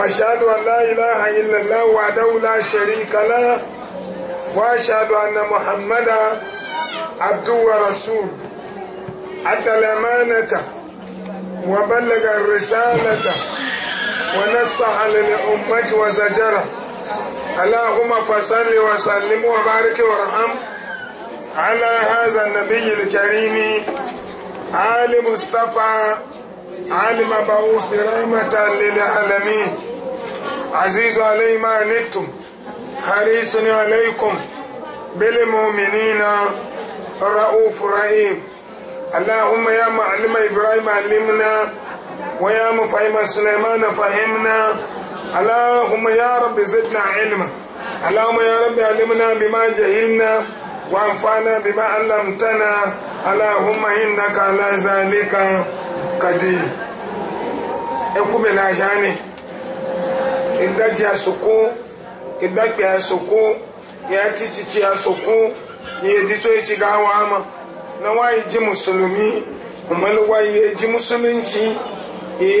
وأشهد أن لا إله إلا الله وحده لا شريك له وأشهد أن محمدا عبد ورسول أدى الأمانة وبلغ الرسالة ونصح للأمة وزجره اللهم فصل وسلم وبارك وارحم على هذا النبي الكريم آل مصطفى علم مبعوث رحمة للعالمين عزيز علي ما عنتم حريص عليكم بالمؤمنين رؤوف رحيم اللهم يا معلم إبراهيم علمنا ويا مفهم سليمان فهمنا اللهم يا رب زدنا علما اللهم يا رب علمنا بما جهلنا وانفعنا بما علمتنا اللهم إنك على ذلك Kadi, ekume na ajani idaji asoko idagbe asoko ya titici asoko ni edito ichi ga awa ama na wayi ji musulumi umaru wayi ji musulunci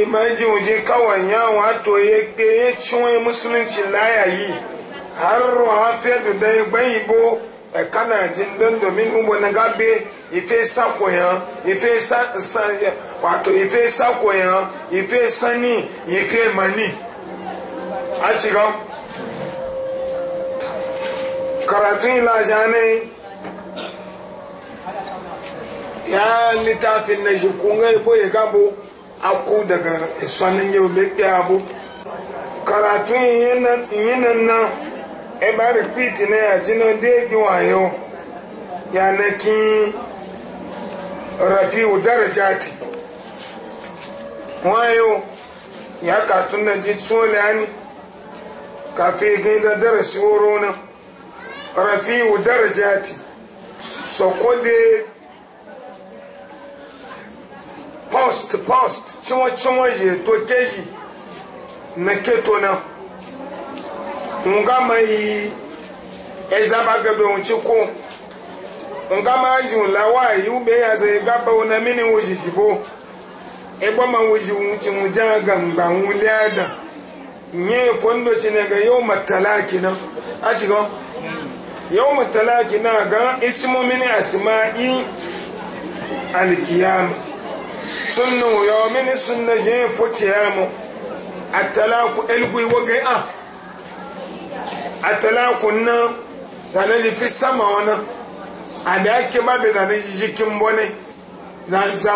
imaji wuje kawai ya wato ya gbe ya ciwon musulunci layayi har ruwa fiye da dai gbayibo ẹ̀ka náà jí ń dọ́ndọ̀ mí ń ife sakoyan ife sa san wato ife sakoyan ife sani ife mani a cikin karatun lajanai ya littafin na shi kunga ibo ya gabo aku daga isanin yau leɓe abu karatun yinan nan ebe repeat na e yajina daidai wayo yanakin rafi'u darajati wayo ya katun na ji tsolani kafe gai darasi woro rafi'u darajati soko de post post cimo cimo je to keji na keto na nga mai ezabagabe onchiko nka ma ji la wayi ube ya zai gaba wani mini wuji bụ egbo ma wuji wuci wuja gamba wuliya da nye fondo ci ya ga yau matalaki nan a ci yau matalaki na ga ismu mini asma'i alkiyama ya yau mini sunna ya fo kiyama atalaku elgui wage a atalaku na tanadi fi sama wannan ada ake babe na jiji kin bone za za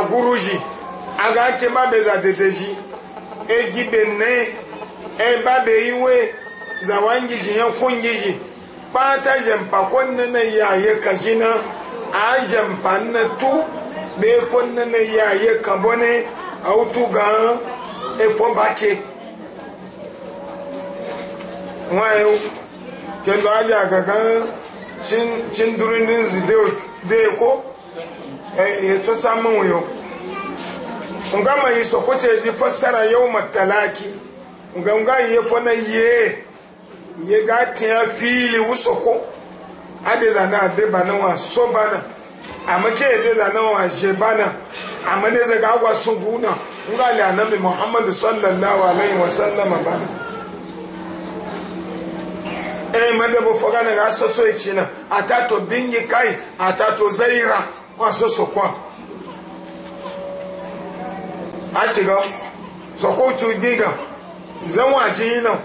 aga ake babe za deteji e gibe ne e babe iwe za wangiji ya kungiji pata jampa nne na ya ye kajina a jampa na tu be nne na ya ye kabone autu ga e fo bake wayo e kendo aja gagan cin durin din zi de ko ya to samun wuyo nga ma soko so kuce ji fassara yau matalaki nga nga yi fa na ye ye ga a fili wuso ko ade zana de bana wa so bana amma ke de na wa je bana amma ne zaga agwa suguna nga le annabi muhammad sallallahu alaihi wasallam bana eh mede bo foga ne ga so na ichina atato bingi kai atato zaira wa so so kwa ashiga so ko chu diga zanwa jina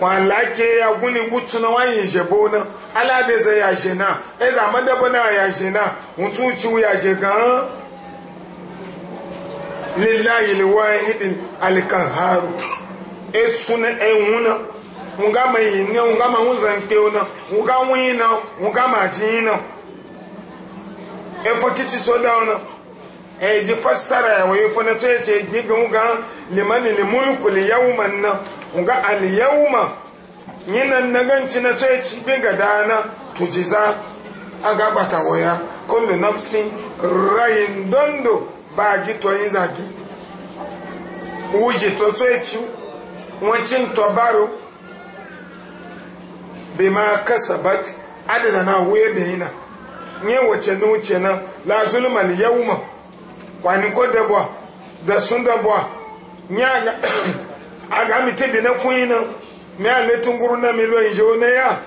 wa lake ya guni gutu na wanyi jebo na ala de ze ya jena e za mede bo na ya jena untu chu ya jegan lillahi alwahid alqahar esuna ehuna nga ma yi ne nga ma ŋun zan kpeo na nga wii na nga ma jii na efo kisi so e, da na e ji fassara ya wayo fana to yace diga nga liman li mulku li yawman na nga al yawma yinan na ganci na to yace na dana tujiza aga bata waya kullu nafsi rayin dondo ba gi to yin zaki uji to to yace wancin to baro bima kasabat adada na wuye bayina nye wace na wuce na la zulma li yawma kwani ko da da sun da bwa nya nya aga mi tebe na kuina me ale tunguru na mi lo injo na ya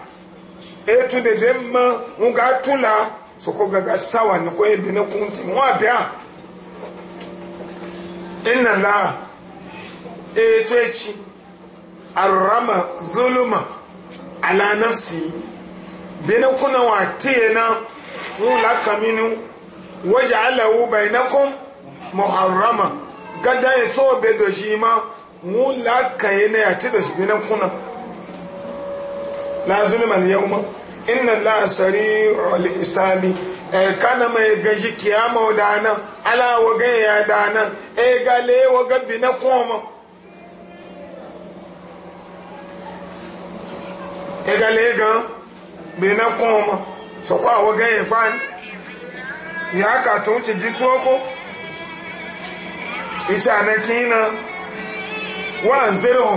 etu de demma unga tula soko gaga sawa ni ko ebe na kunti wa da inna la etu echi arama zulma ala nafsi bene kuna wa tiyena mu la kaminu waj'alahu bainakum muharrama gada ya so be do shi ma mu la kayene ya ti do shi bene kuna la zulma al yawma inna allaha sari'ul isabi e, kana mai gaji kiyama dana ala waga ya dana e gale waga bi na koma egale gan bena kɔn ma sɔkɔ awɔ gɛ yɛ fan yaa ka tun ti di tuoko itse anakin na wa n zero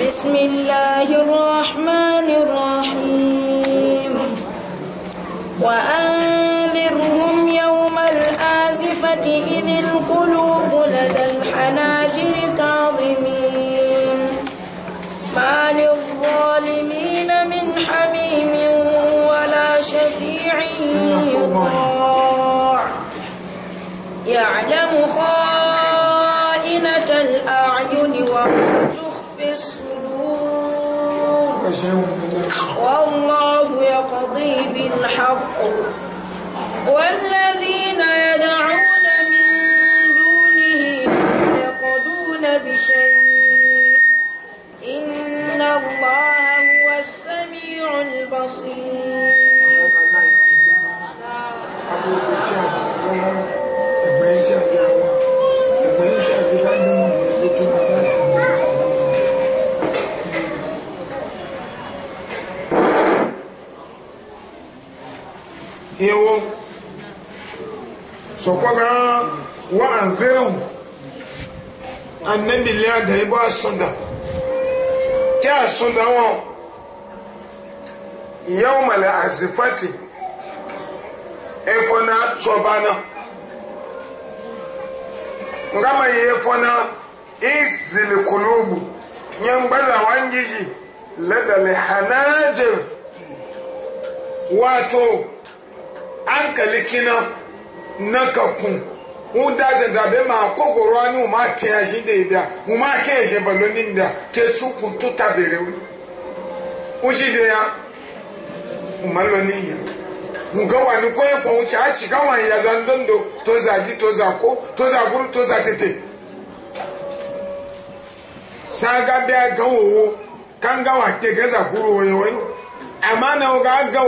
بسم الله الرحمن الرحيم وأنذرهم الآزفة إذ القلوب لدى الحناجر كاظمين ما للظالمين من حميم ولا شفيع يطاع يعلم خائنة الأعين وما تخفي الصدور والله يقضي بالحق والذي wo so ko ga wa anzirun annabi le da ibo asunda ti asunda won yawma la azifati efona tsobana ngama yefona izil kulubu nyambaza wangiji ladal hanajir wato ankali kina na ka kun wọn dájẹ dàbẹ máa kókòrò wa ni wọn máa tẹ ẹṣin dè bíà wọn máa kẹ ẹṣin bàlọ ní bíà tẹsù kun tó tàbẹrẹ wọn wọn sì dè ya wọn máa lọ níyà wọn kàn wà ní kó ẹfọ wọn kì á kì káwọn ìyàzọ ńdọńdọ tó zà di tó zà kó tó zà kúrú tó zà tètè sága bẹ agawo wo kánga wà tẹ gẹzà kúrú wọnyọwọnyọ àmà náà wọn kà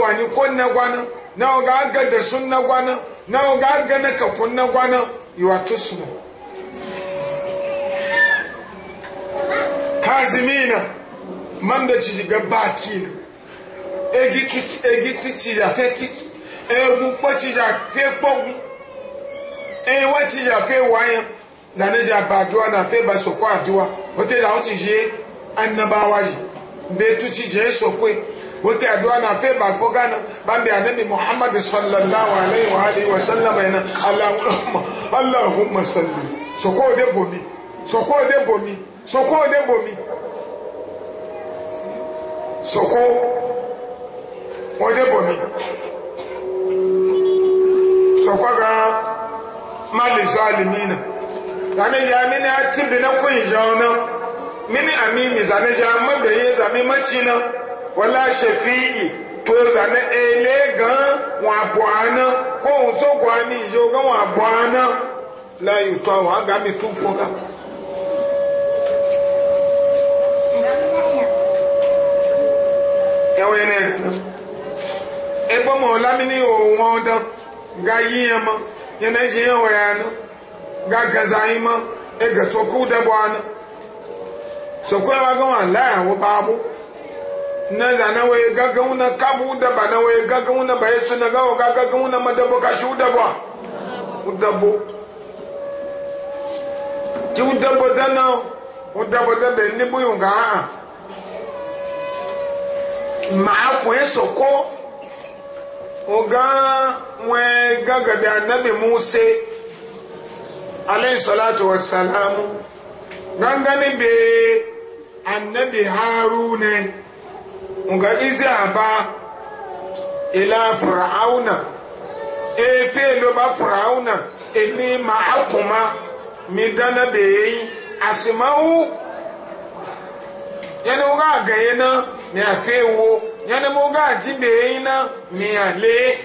á na ọ ga aga da sun na gwana na ọ ga aga na ka kun na gwana you are too kazimina man da ci ga baki na egi tutu egi tici fe tiki egu kpo fe kpogun eyi wa wayan ba aduwa na fe ba soko aduwa o te da annabawa yi be tu ci wata addu'a na fe ba ko gana ban bi annabi muhammad sallallahu alaihi wa alihi wa sallam yana allahumma allahumma salli so ko de bomi so ko de bomi so ko de bomi so ko wọ́n dé bomi so ga ma zalimina dane ya mini a kun jawo mini amimi zane ja mabaye zame wala shafi'i to zane ele gan wa bwana ko so gwani yo gan wa bwana la yuto wa ga mi tun foka ẹwẹ ní ẹsìn ẹgbọ́n mọ̀ lámìní òun ọdán ga yí ẹ mọ́ yẹn náà ṣe yẹn wẹ̀ ẹnu ga gẹ̀ẹ́sà yín mọ́ ẹgẹ̀ tó kú dẹ́bọ̀ ẹnu sọ̀kú ẹ wá gan wà láyàwó bá na za na waye gaggawu na kabu da ba na waye gaggawu na ba yesu na gawo gaggawu na madabo ka shi udabo udabo ti udabo da na udabo da da ni buyu ga a ma ko yeso ko o ga we gaga da annabi musa alayhi salatu wassalamu gangani be annabi harune nga izi aba ila fir'auna efe lo ba fir'auna eni ma akuma mi dana be yi asimawu yana mu ga gaye na mi afe wo yana mu ga ji na mi ale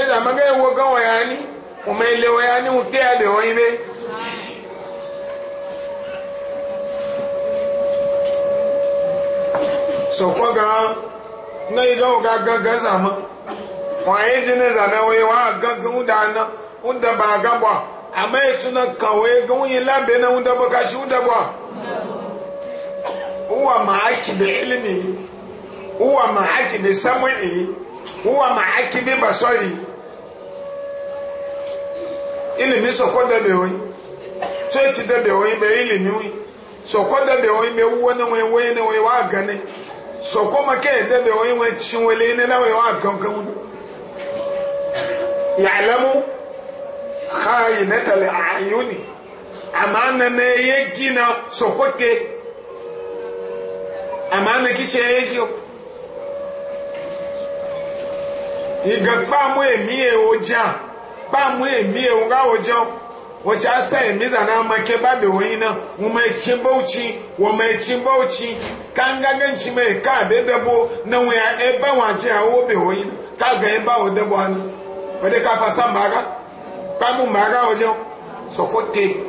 eza maga ewo ga wayani ume ile wayani ute ale oyibe Sokwa gaa na ilé ọ̀gá gangan zàmọ́ wọ́n ayé jí ní zàmẹ́ wọ́n ụda ana á gangan ń dáná ń dàbà àgàbọ̀ àmọ́ labe na kàn wọ́n yẹ gan yín lábẹ́ náà ń dàbọ̀ kàṣí ń dàbọ̀ ma máa kìbẹ̀ ilimi sokwa dabe oyi ilimi oyi. Sokwa dabe oyi be na na sɔkɔ ma kɛ ɛdɛ bɛ wɔnyi wɔn tsi wele yi nɛnɛ wɔnyi yalamu xaayi nɛtɛlɛ ayoni ama nana ye gina sɔkɔ ke ama na kitsɛ ye gio igakpamu emi ye wo dza kpamu emi ye wo ga wo wacce asa yi miza na make na da wani nan wuma ci bauchi wuma ci bauchi kan ge mai ka be dabo na wuya ebe ba waje wobe wo ka ga e ba o dabo ka fasa mbaga ba mu mbaga o sokote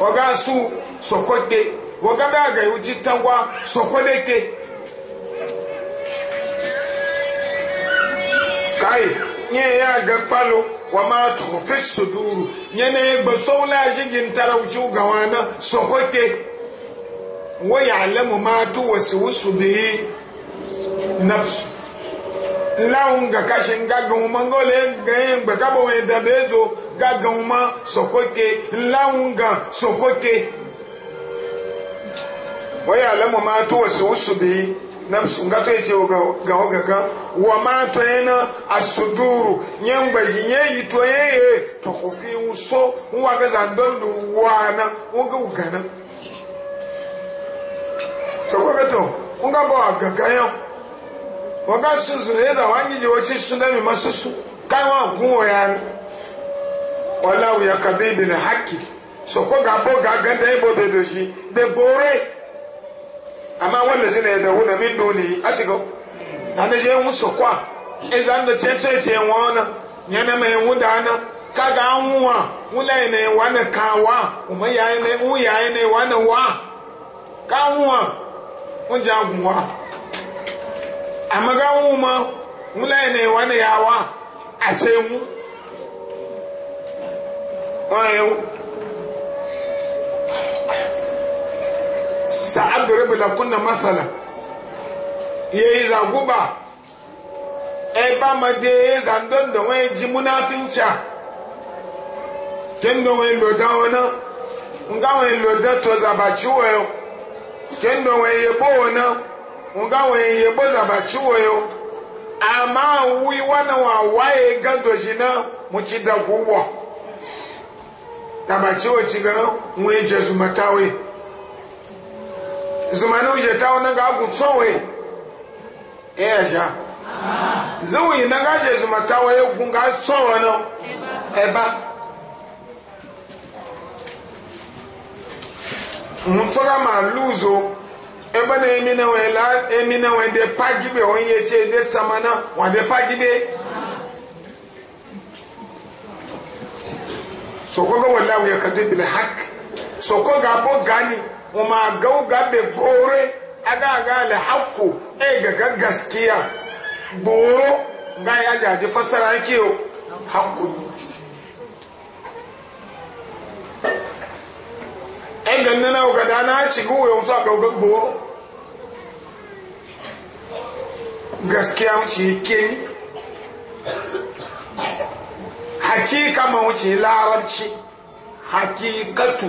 Oga su sokote wọgá bá ga iwu ci tangwa sokolete kai nye ya ga kpalo wa ma tufi suduru yana ba saula shigin tarauci gawa na sokote wa ya'lamu ma tuwasu wasu bihi nafsu láwọn gàkàṣe gàgàwọn ma ngọ́lẹ̀ gẹ̀yìn gbẹ̀kábọ̀ wọn ìdàbẹ̀ ètò gàgàwọn ma sọ̀kókè láwọn gà sọ̀kókè wọ́n yà lẹ́mọ̀ máa tó wọ̀síwọ́sù bíi nafsu nga to yace ga ga ga wa ma to yana asuduru nyangba jinye yito yeye to kofi uso wa ga zandon du wana wa ga ugana so ko ga to nga ba ga ga yo wa suzu ne da wangi je wace suna mi masusu kai wa gun ya wala ya kadibil haqqi so ko ga bo ga ga dai bo de do shi de bore amma wanda zina ya dawo na min duni a shiga da na je musu kwa izan da ce ce ce wana yana mai wuda na kaga an wuwa wula ne wana kawa na yayi ya wu na ne wana wa ka wuwa mun ja guwa amma ga wuma wula ne wana yawa a ce mu wa yau sa'adiribu lakunna masala ye iza guba e ba ma de iza ndondo we ji munafinca kendo we lo da wona nga we lo da to za ba chuwe yo kendo we ye wona nga we ye bo ama wi wana wa wae gado jina mu ci da gubo tabachiwe jesu matawe Zumanu wuce ta wani ga agun tsowe e ya sha zuwa yi na gaje zuma ta waye gun ga tsowe na eba mfura ma luzo ebe na emi na wee la emi na wee de pagibe onye eche de samana wa de pagibe sokoga wala wuya kadu bil hak sokoga bo gani وما جوجا بقوري أجا قال حقه إيجا جاسكيا بورو قاي أجا جفسر عنكيو حقه إيجا ننا وكذا أنا أشجعه يوم ساق وجب بورو جاسكيا وشي كيني hakika mawuce larabci hakikatu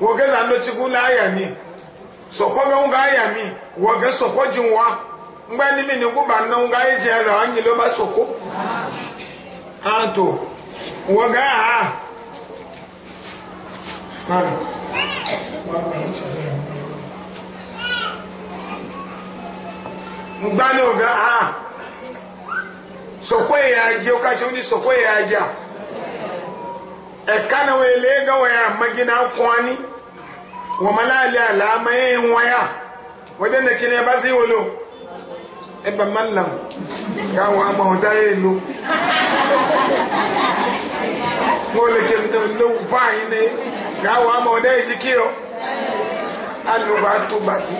woge na ndochikwu la aya mi sokwa be nga aya mi woge sokwa ji nwa ngba ni mi ni kuba na nga eje ala anyi lo ba soko ha to woge ha mana ngba ni woge a sokwa ya okashi ni sokwa ya ja ekana wee lee gawa ya magina na kwani wa malali ala ma waya wajen da kine ba sai wolo e ba mallam ya wa ma hoda ye lo ngole ke mta lo vai ne ga wa ma hoda ye jikio alu ba tu ba ki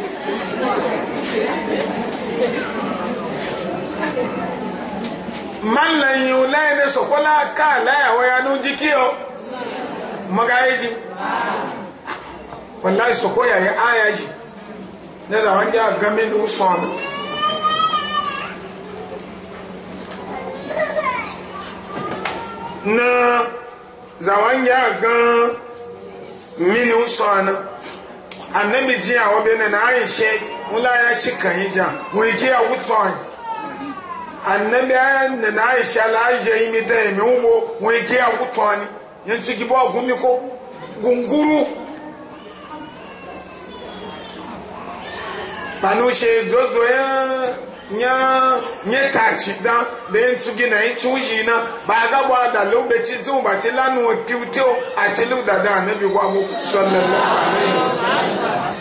mallan yu la ne sokola ka la ya wa nu jikio magaye ji wallahi su koya ya aya na da wanda game da na zawon ya gan mini son annabi ji a wabe na na aishe wula ya shi kan hija wuri a wuton annabi na na aishe la aishe yi mita yi ugbo wuri a wuton yin ciki ba gumi ko gunguru panu she zozo ya nya nye tachi da da yin ciki na yin cuji na ba ga ba da lobe ci zu ba ci lanu piwte a ci lu da da na bi wa mu sallallahu alaihi wasallam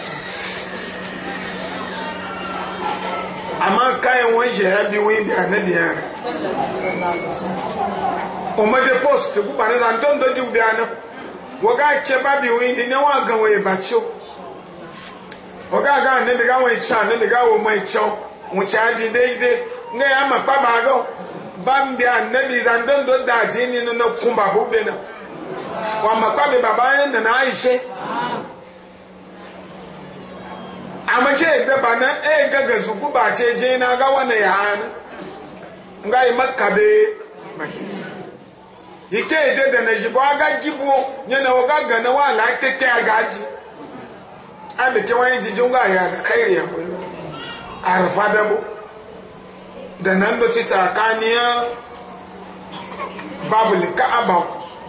amma kayan wani shehabi wani bi annabi ya omeje post gbukpana za ndondo ji ubi ana woga ke babi wi ndị nne wa gan we bacho oga aga ne bi ga we cha bi wo mai cho mu cha di ya ma pa bambi anabi za ndondo da ji ni no kumba bu be na wa makpabi pa be baba na aishe amace da bana egagazu gaga zuku ba ce na ga wannan ya hana ngai makka be ike ede da na jibo aga gibo nye na oga gana wa ala ji jijin ga ya ga kai ya ko arfa da bo da nan do ti tsakaniya babu li ka'aba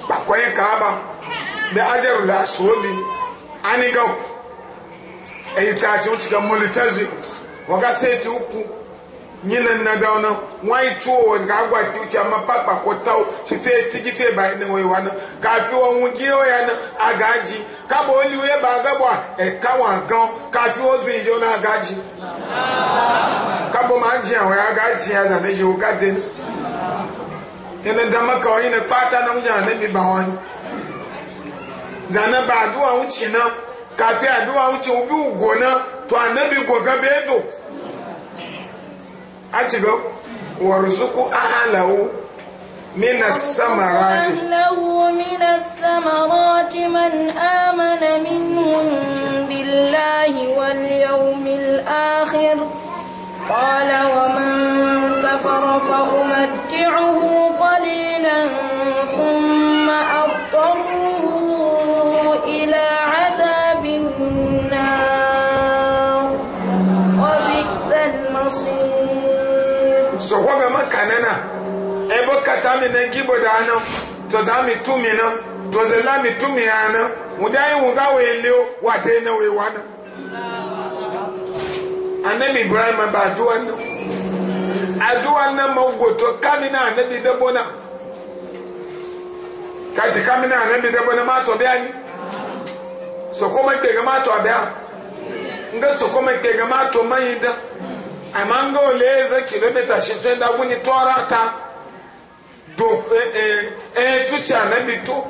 bakwai ka'aba da ajaru la sobi ani ga ayi ta ci wuce ga mulitazi waga sai uku nyina nadaw na wai tuwo ga agwa tucha mapapa ko taw si fe tigi fe ba ne wai wana ka fi wo wuji o ya na agaji ka bo li we ba ga bwa e ka wa gan ka fi wo zu ijo na agaji ka bo ma ji awon agaji ya na je o e ka den ene da maka o ina pata na muja na mi ba won zana ba duwa wuci na ka fi aduwa wuci ubi ugo na to anabi goga bezo a ci warzuku من الثمرات له من الثمرات من آمن منهم بالله واليوم الآخر قال ومن كفر فأمتعه anana ebo kata mi na gibo dana to za mi tu mi na to ze la mi tu mi ana muda yi wuga we le o wa te na we wa na anabi ibrahim ba aduwa na aduwa na ma goto kami na anabi debo na kashi kami na anabi debo na ma to be ani so ko ma pe ga ma to be a nga so ko ma pe ga ma to ma yi da amanga oleze kilomita shitwenda kuni twarata do eh eh e, tuchana mitu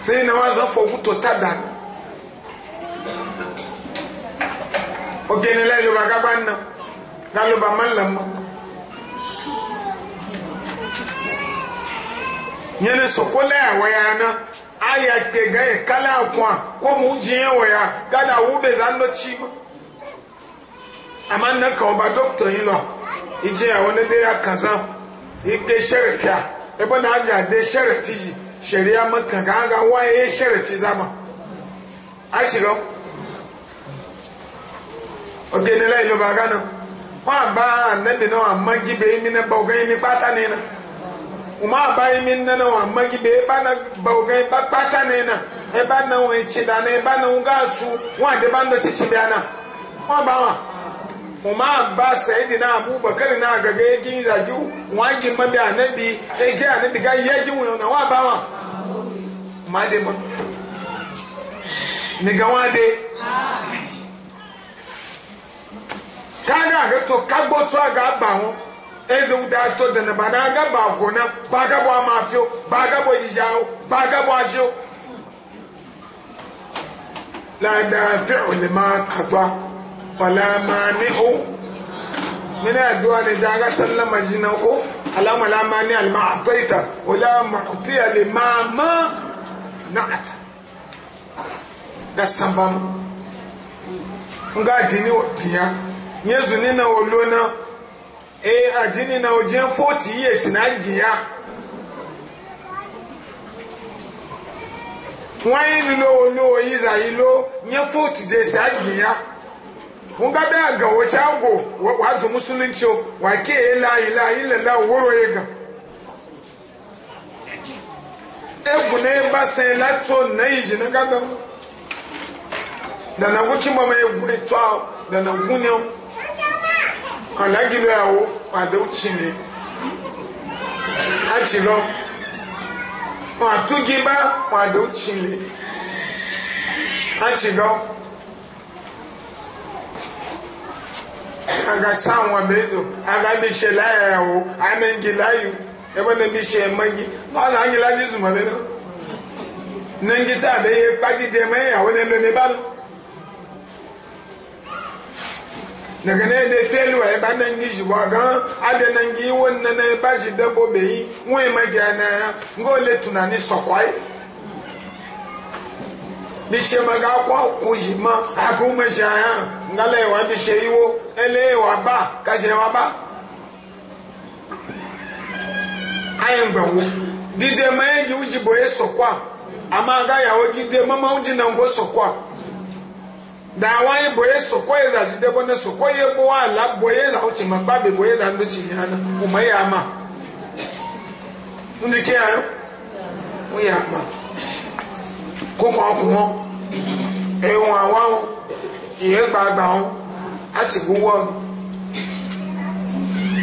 sina waza fo kuto tadan ogenela yo bagabanna galo ba mallam nyene sokola wayana aya kpega ye kala akwa ko mu jiyan wo ya ga na be za no chi ma ama na ka ọba doctor yin lo ije ya wona de ya kaza ide sharata e bona aja de sharati ya maka ga ga wa ye sharati zama a shiga nila ilo bagana gana ba annabi na ọma gibe mi na bogan mi pata ne na uma abaghị imi nne na nwa mmagide ebe a na bauga ebe kpacha na ịna ebe na nwe chida na ebe a na nga atụ nwa dịba ndụ chichibịa na ọ gbanwa uma aba saidi na abu bakari na agaga eji nzaji nwa gị mmabi anabi eji anabi ga ihe ji nwụnyọ na nwa gbanwa ma dị mma ni ka a ga-aga to kagbotu a ga-agbanwụ eze wuta to dana ba na ga ba ko na ba ga bo ma fio ba ga bo yijao ba ga bo ajo la dafi'u lima qata wala mani'u min adwa ne ja ga sallama jina ko alama la mani al ma'taita wala mu'tiya lima ma na'ata ga sambam nga dini o tiya yezu ni na olona Ee, aji ni na ojiyen fotu ihe si na giyar wani ni lo oluwa yi zayi nye fotu je si na giyar wun gabe a ga wacago wato musulin ci o wake ya laayi laayi lalawa wuro ya ga egwu na yin basa ilato na iji na gada dana hukimama ya guri 12 dana huniyan anagilọ yawo wàdó tsini atsilɔ wàtúgibá wàdó tsini atsilɔ aga sáwọn abedo aga mi se láyà yawo ame ŋgi láyò ebe ne mi se magi wàlà anyi la di zuma lé nà nengi sá abe yé daga na ebe felu wa eba na ngi ji wa gan ade na ngi wo na na eba ji debo be yi wo e ma ga na ngo le tu na ni sokwai bi she ma ga kwa ku ji ma agu ma ja ya ngale wa bi she iwo ele wa ba ka je wa ba ayen gba wo dide ma e ji uji bo e sokwa ama ga ya wo dide mama uji na ngo sokwa da wani bụ sokoye za ji debo na sokoye bo ala boye na uchi ma babe boye na ndu chi yana ụma ya ama. ndi ke ayo o ya ma ko ko ko mo e won awa o iye gba gba o ati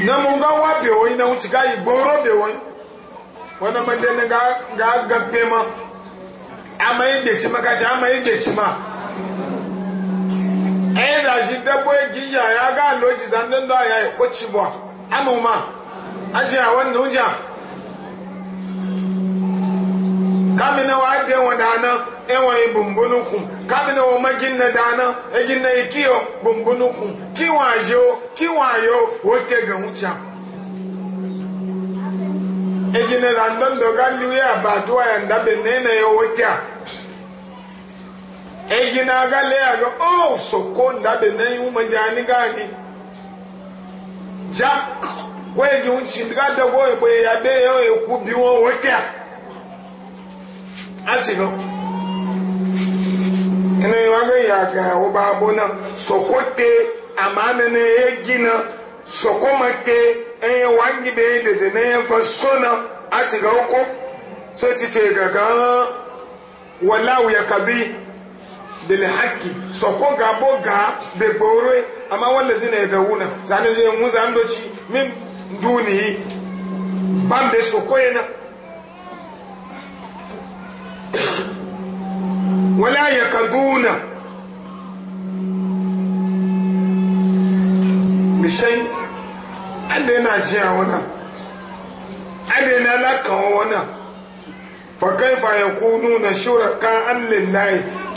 na mo ga wa pe o ina uchi ga igboro be won wona ma de ga ga ga pe ma ama ide chi ma ga chi ama ide chi ma ɛyɛ zazi dɛbɔ egi ya ya aga alo egi za ndendo ndụ eko tsi bɔ anu ma adi awɔ nu dza kami na wa de wɔn daana ɛwɔn e yi bumbunu kun kami na wɔn nne gi ne daana egi ne yi ki yɔ bumbunu kun ki wɔn ayi o ki wɔn ayi o o te geŋu tsa egi ne la ndendo ga liwi abaduwa ya ndabe na ne yɛ o te a. eji na aga lee aga o soko ndabe na ihu majani gani ja kwegi unchi ndiga dago egbe ya be ya eku bi won weke ati go ene ya ga o ba na soko te na ne egi na soko make enye wangi be na de ne so na ati go ko so ti te wala wallahu kabi. bilhaki soko ga boga be gbore amma wanda zina ya wuna zane zai mu zan doci min duniyi ban be soko yana wala ya kaduna mishai an da yana jiya wana an da yana lakawa wana fa kaifa kunu na shuraka an lillahi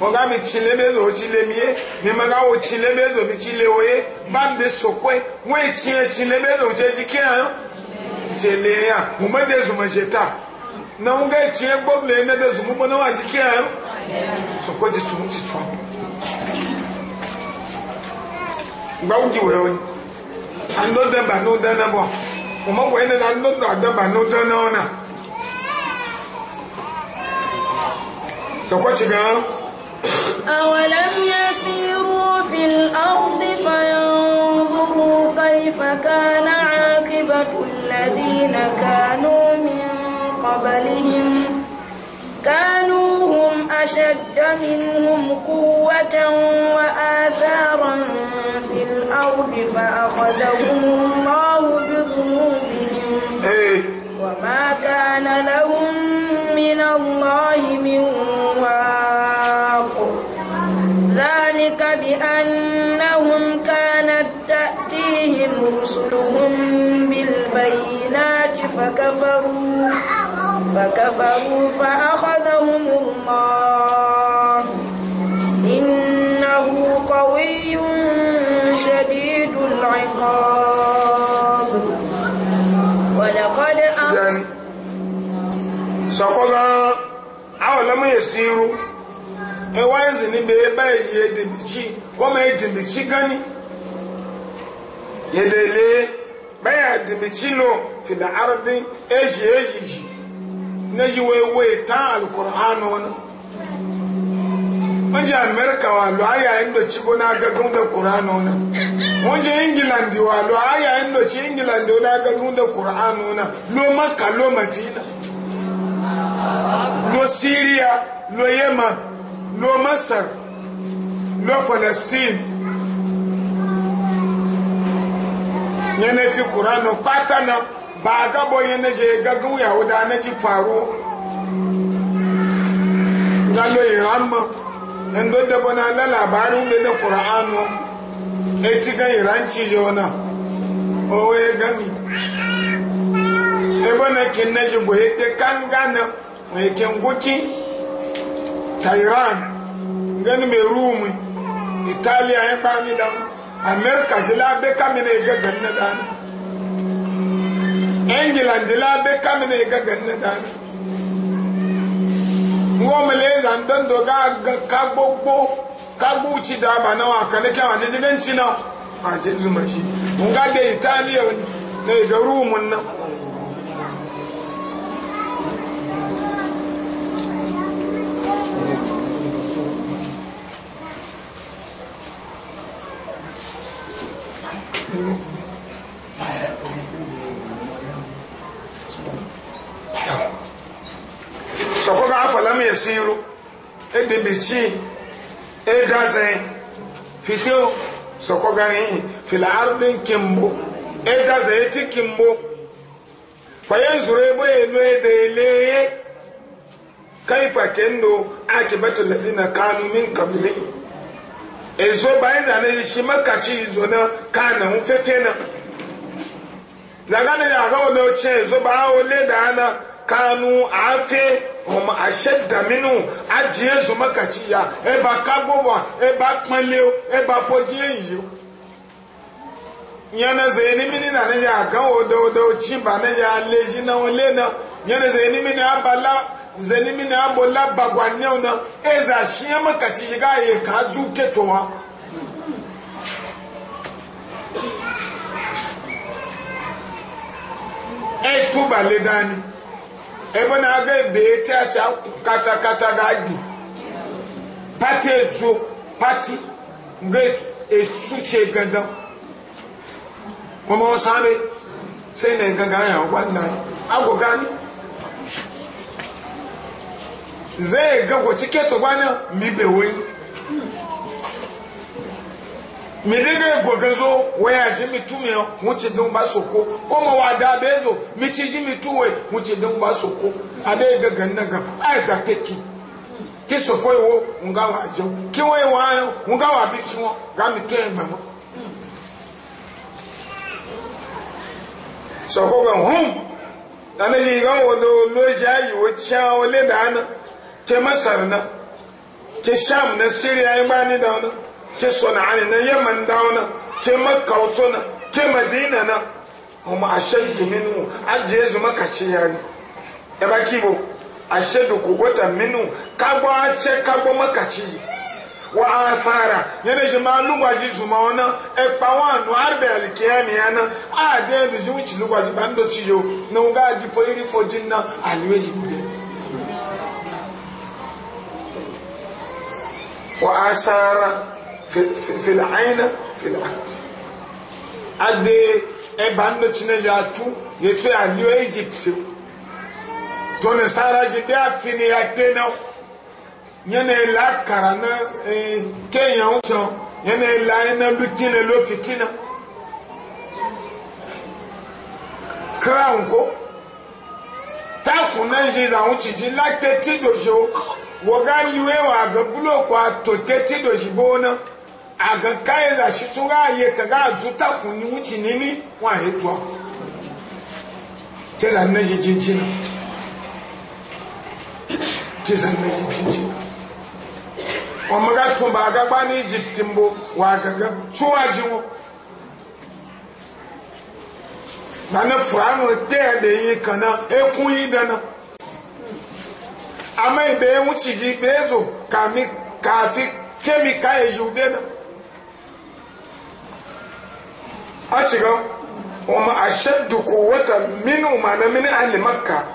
mọ̀gá mi tsi lé bẹ́ẹ̀ lò ó tsi lé mi yé mi mọ̀gá wo tsi lé bẹ́ẹ̀ lò mi tsi lé wo yé bá mi bẹ sòkó yé wọ́n etsi yé tsi lé bẹ́ẹ̀ lò ó tsi yé dikẹ́ hàn tsi lé yé mo mẹ́ de zùmọ̀ tsi ta na ŋun gẹ́ tsi yé gbóbi de zùmọ̀ mo ne wa dikẹ́ hàn sòkó ti tu ti tu gbawo di wẹ̀ wọ́n ando dẹ́ba ní o dáná bọ̀ ọmọ wẹ̀ ní ando dẹ́ba ní o dáná wọn na sòkó tsi gan. أولم يسيروا في الأرض فينظروا كيف كان عاقبة الذين كانوا من قبلهم كانوا هم أشد منهم قوة وآثارا في الأرض فأخذهم الله بذنوبهم إيه. وما كان لهم من الله من ذلك بأنهم كانت تأتيهم رسلهم بالبينات فكفروا فكفروا فأخذهم الله إنه قوي شديد العقاب ولقد أمس يعني سقط أولم يسيروا ewa izini be ebe eji edibichi kome edibichi gani yedele baya edibichi lo fila ardi eji eji ji neji wewe ta alkur'an wani wanje amerika wa lo aya indo chibo na agagun da kur'an wani wanje england wa lo aya indo chi england na agagun da kur'an wani lo maka lo madina lo syria lo yema. lọ masar lọ palestine yẹn na fi kuranu pátá na baaga bọ yẹn na ṣe gagun yahoo e da na ti faru nga lọ iran ma ndo dabo na ala e labarin le na kuranu eti gan iran ci wana na owe gami ebe na kinna ji gbo ete kanga na mai kenguki tairan ngani mai rumi italiya ya eh, bani da amerika shi labe kamina ya gaggan na dani england labe kamina ya gaggan na dani ngoma le zandon do ga ka gbogbo ka buci da ba na wa kana kyawa ne jigan cina a jizu mashi mun ga da italiya ne ga rumun nan Siro, ede bici eda zai fito soko gani fila ardin kimbo eda zai ti kimbo fayin zuru ebo elu ede eleye kaifa kendo ake batu lafi na kanu min kabili ezo bayan zane shi makaci izo na kanan fefe na zagane ya ga wani oce ezo ba o leda na kanu afe ọmọ àṣẹdàmínú àjíyẹsùn mọ́kàtìyà ẹbà kágbọ́wà ẹbà pọ́nlé o ẹbà fọ́jí èyí o yẹn ṣe ní mí nínà níyà àgán òdòdó chimba níyà lẹ́yìn náà lé náà yẹn ṣe ní mí ní abala ṣe ní mí ní abo lábàgbà níyà náà ẹ̀ṣẹ̀ àṣìyẹn mọ́kàtìyà káyè kájú kẹtọ̀ wa. ẹ̀ tó balẹ̀ dání. ebe na aga ebe chacha katakata ga-agbi pati etu pati nga esuche gangan ọmọ sáré sai na ngagharị ya wanda agwaga ni zai gagwa cike tọgbanin mibewoyi medede goge zo waya ji mi tu mi wuce din ba soko kuma wa da bedo mi ci ji tu we wuce din ba soko abe ga ganna ga ai da keki ki soko wo nga wa jo ki we wa nga wa bi ti won ga mi tu en mama so ga hum da ne ji ga wo do lo ja yi wo cha o le da na te masar na ke sham na siria ai ba ke sana'ani na yaman dauna ke makka na ke madina na huma ashaddu minhu aje zuma kashi yani e ba kibo ashaddu kuwata minhu kagbo ache kagbo makashi wa asara yana shi ma lugwaji zuma wana e pa wanu arbe alkiyami yana a de du ji wuci lugwaji bando ciyo na uga ji fo iri fo jinna aliweji bude wa asara filaina filaati ade eba nnọchina ya atu yesu ya new egypt to ne sara ji bi afi ne ya te na nye na ele akara na kenya ụchọ nye na ele anyị na luki na elu fitina crown ko taku na njiza nwụchi ji lakpe tidojo wọga liwe wa ga bulokwa toke tidoji bo na aga kayan za shi tun ga aye ka ga juta kuni wuce ne ne wa ya tuwa ta za na jijin cina ta na jijin cina wa maga tun ba ga gbani egyptin Gba wa ga ga tuwa jiwo ba na eku yi da yi kana ekun yi dana amma ibe wuce ji ibe zo kafi kemika ya ji ube na a shiga wama a shaddu kowata min umana min ahli makka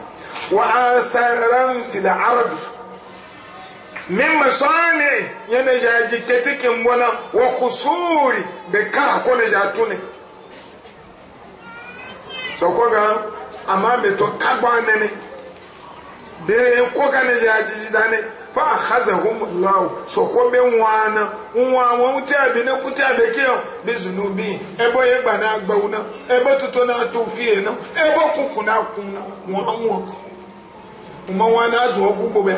wa asaran fil arab min masani yana jaji ketikin wana wa kusuri da kara ko na jatu ne so ko ga amma me to kagba ne ne de ko ga ne jaji dane fa haza hum lawo so ko be nwa wa uta bi ne kuta be bizu bi ebe ebo gba na gba una ebo tuto na to na ebo kuku na kun na wa uma wa na zo ku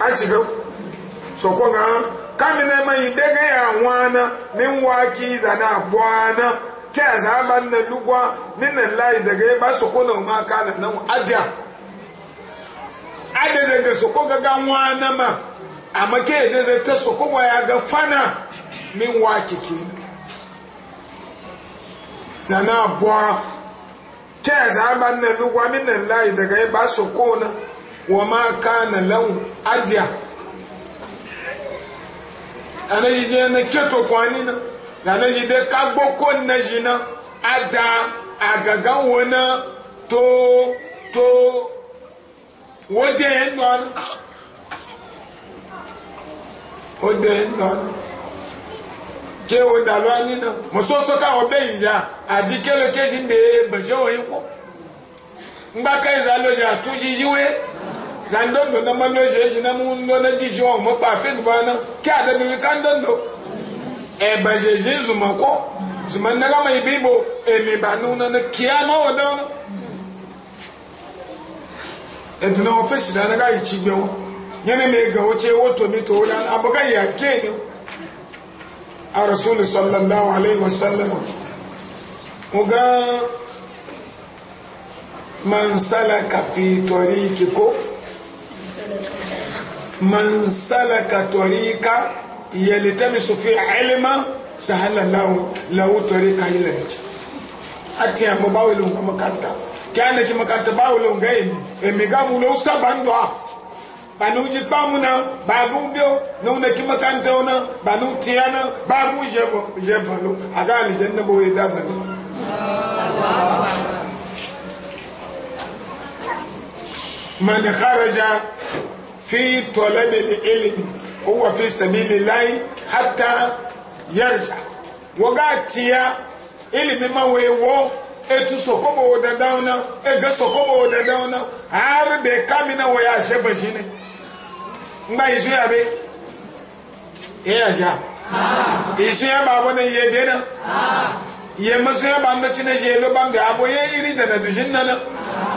a ti be so ko ga kami na ma yi ya wana min wa ki na bwana ke azaban na lugwa min na lai daga ba soko na ma kana nan adiya adeze ga soko gaga nwa wana ma amma ke adeze soko wa ya ga fana minwa keke. kike da na bwa ke azaba na lugwa min nan layi daga e ba soko na wọ maka kana adịa. adiya ana yi na keto kwani na ana yi de kagbo na yi na ada agaga na to to wọ́n dẹ̀ ẹ́ nọ́ọ̀nù ó dẹ̀ ẹ́ nọ́ọ̀nù ke wo dalu ani na musoso ka wo bɛ yin ya adi kele keji bee bɛsɛ wo yin kɔ ngba ka yi za ya tu zizi we za ndo ndo na ma lo zi ezi na mu ndo na zizi wo mo kpa fi nuba na ke ada mi ka ndo ndo ɛ bɛsɛ zi zuma kɔ zuma nɛgɛ ma yi bi bo emi ba nu na na kia ma wo dɔn na eduna wo fesi na naga yi chigbe wo nyene me ga wo che wo to mi to la aboga ya kene a rasul sallallahu alaihi wasallam uga man salaka fi tariqi ko man salaka tariqa yaltamisu fi ilma sahala lahu lahu tariqa ila al-jannah atiya mabawilun kama kanta kyana ki makanta ba wala nga emi emi ga mu lo saba ndo a ba ji pa mu na ba gu bio nu na ki makanta ona ba nu tia ba gu je bo je ba lo aga ali je na bo e da za ni man kharaja fi talab al-ilm huwa fi sabilillahi hatta yarja waga tia ilimi mawewo etu sokobo wo dedan na ege sokobo wo dedan na ari de kami na wo ya ahyɛ bɛgye ngba isu ya be ye ya ja isu ya baabo ne ye bie na ye masu ya ba mbɛkyi na ye lo ba mbɛ abo ye iri dana de gye na na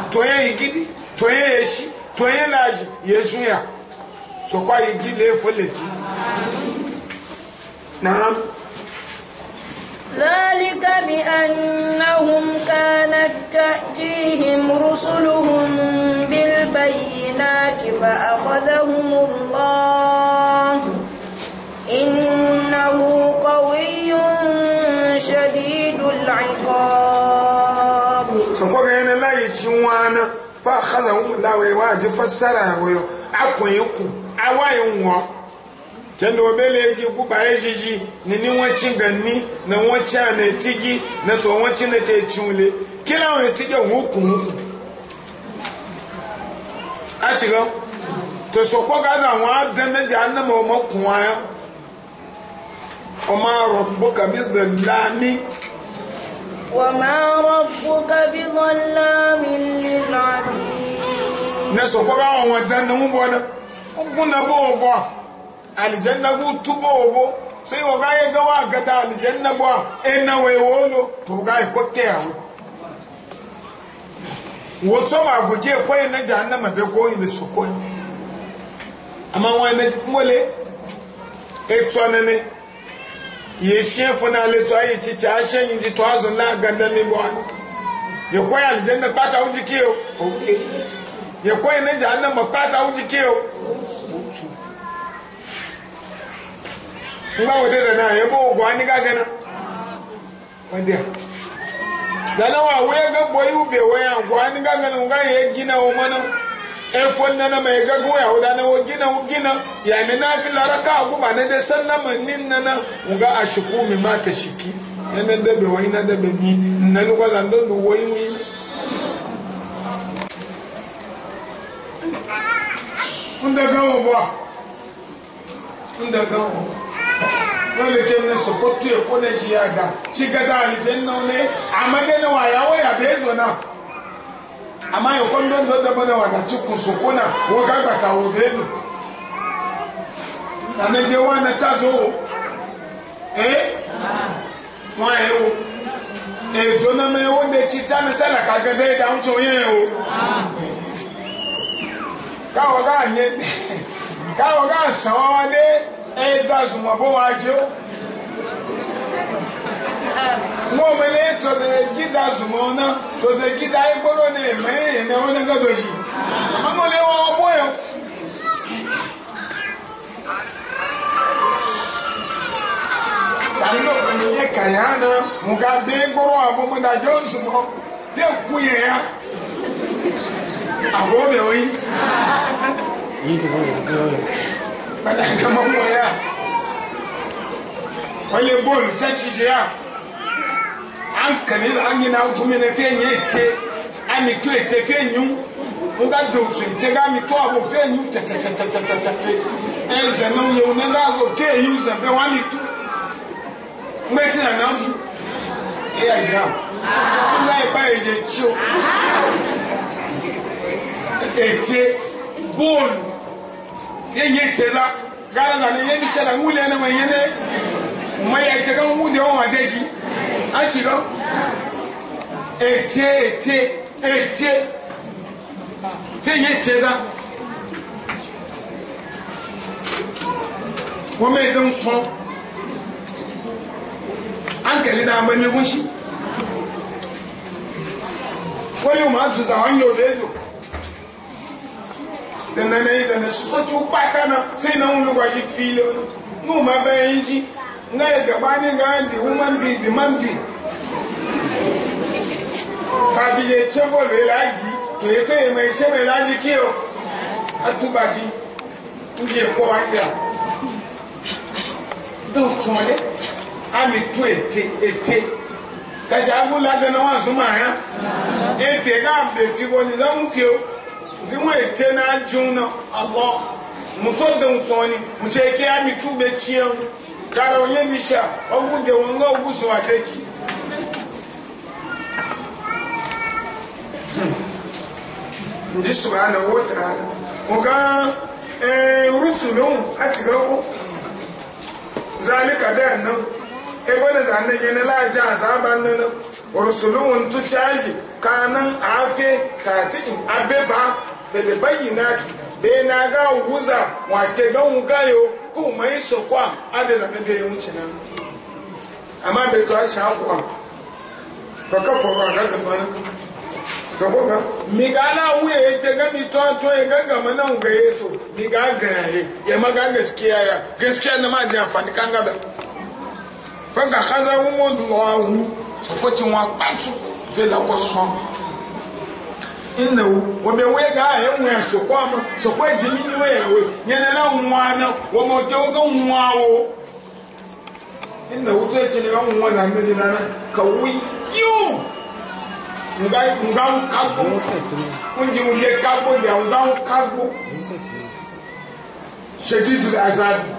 to ye igidi to ye eshi to ye laaji ye ya sokɔ ayi gi le efo le di naam. ذلك بأنهم كانت تأتيهم رسلهم بالبينات فأخذهم الله إنه قوي شديد العقاب سنقول هنا لا يجوانا فأخذهم الله ويواجه فسره عقويكم عوايهم tendo obele ki ku ba ejiji ni ni won chi ganni na won chi na tigi na to won chi na che chule kila won tigi won ku mu a ti go to so ko ga za won adan na ja na mo mo ku ayo o ma rabbuka bi dhallami wa ma rabbuka bi dhallamin lil abid na so ko ga won adan na mo bo na ko na bo bo alijanna gu tubo obo sai wa gaye gawa ga da alijanna ina e wai wolo to gaye kokke ya wo so ma guje koyi e na jahannama be koyi da e su koyi amma wani na mole etu anene ye shefu na leto ayi ci ci ashen yi to azo na ganda mi bo ani ye koyi alijanna pata uji kiyo ye koyi na jahannama pata uji kiyo nga wo dede na ye bo gwa ni ga gana wande dana wa we ga boyi ube we ya gwa ni ga gana nga ye gina o mana e fon na na me ga go ya o dana wo gina wo gina ya me na fi lara ka go ba ne de sallama nin na na nga ashuku mi ma ta shiki ne ne de be wo ina de be ni na lu ga dan do wo yiUnda gawo ba.Unda gawo ba. wale jenne sokoto ya kone shi ya ga shi gada alijanna ne amma dai na waya waya bai zo na amma ya kwandon eh? eh, don da bada wada cikin sokona ko gaba ta wo bai zo na nan dai wani ta zo eh wọn ẹ wo ètò náà na ó lè ti dáná tẹ́lẹ̀ ká gẹ́gẹ́ ìdáhùn tó yẹn o káwọ́ káà yẹn káwọ́ káà sàn wá wá dé. ẹgbà zùmọ̀bó wa jẹ́ ó wọ́n mọ̀ ní tòzẹ̀ gíga zùmọ̀ náà tòzẹ̀ gíga igbóró ní ìmẹ́rin ìyẹn wọ́n ní gbọ́dọ̀ yìí ọmọ ilé wọn ọmọ ẹ̀ tàbí lọ́pọ̀ ní ilé kàyà náà mo ga gbé igbóró àbúkúta jọ́ zùmọ̀ dé kú yẹn ya àbúrò bẹ̀ wọ́n yìí gbàdàgbà mọ́mọ́ yá wọ́n lè bọ́ọ̀lù chẹ́chì jẹ́ yá an kàní an yìí náà gómìn náà o yẹn do àmì tó ètè fẹ́ yún wọ́n bá dòtù te te te te fẹ́ yún tẹ̀tẹ̀tẹ̀tẹ̀tẹ̀ ẹ̀ zẹ̀mẹ̀ wọ́n yẹn náà àbọ̀ fẹ́ yún zẹ̀mẹ̀ wọ́n á mi tú mbẹ́tì náà náà bù ẹ̀ yà e àwọn wọ́n náà yẹ bá yẹ jẹ́ tí o ètè e bọ́ọ̀lù yenye tela gara la ne yemi shela ngule na wanyene maya daga mu de wa deji ashiro ete ete ete yenye tela wọ́n mẹ́ dùn tún áńkẹ̀lẹ́ náà mẹ́ mẹ́gún sí wọ́n yóò máa tún sàwọn yóò lédùn da na na yi da na su kpata na sei na wani gwaji fili wani mu ma bayan ji na ya gabani ga di woman bi di man bi tàbí yẹ tse bọ́ọ̀lù yẹ láàgì tòye tó yẹ mẹ tse mẹ láàgì kí o atúbàjì ń yẹ kọ́ wa yà dùn tún ọ dẹ àmì tó ète ète kàṣà abúlé adé náà wà zùmọ̀ àyà ètè ká àbẹ̀ fi wọ́n ni lọ́mú fi o. ziwe te na ajụ na Allah muso de muso ni muso eke ami gara onye misha ogu de wonga ogu so ateki ndi subhanahu wa ta'ala oga eh rusulun atiga ko zalika da nan ebe na zanen yana laja a zaben nan rusulun tuci aji kanan afe ka in abe ba bẹ̀lẹ̀ báyìí náà bẹ́ẹ̀ náà gá wúzà wọn àgbẹ̀ gá wọn gáyò kó wọn máa ń sọ̀kọ́ à ádẹ́sà ní bẹ́ẹ̀ ń tì náà àmọ́ bẹ́ẹ̀ tó aṣọ àpò à kọ̀kọ́ fọ̀rọ̀ àgàgàmọ́ náà kọ̀kọ́ kan mi gá láwú yẹ gbẹ̀gẹ́ mi tọ́ tó yẹ gàgàmọ́ náà gẹ̀ yẹ tó mi gá gẹ̀yà yẹ yẹ má gá gẹ̀sìkìyà yà gẹ̀sìkìyà náà má di àǹfààní kángàdà fẹ́ǹkà kásá wọn mọ̀ lọ́wọ́ àwọn ọkọ̀ tí wọ́n apá bẹ́ẹ̀ lọ́kọ̀ sọ́n inna wu wɔbɛ wo yɛ gaa yɛ ŋun yɛ sɔkɔ ama sɔkɔ yɛ e jimi ni wo yɛ wo nyɛnɛ na ŋua na wɔmɔ tɛ wo ka ŋua wo inna wu tɛ kyerɛ yɛ ŋua na ne de nana ka wo yiwu nga nga nkagbo ŋun ti yɛ kagbo yɛ nga nkagbo sɛti bi azadi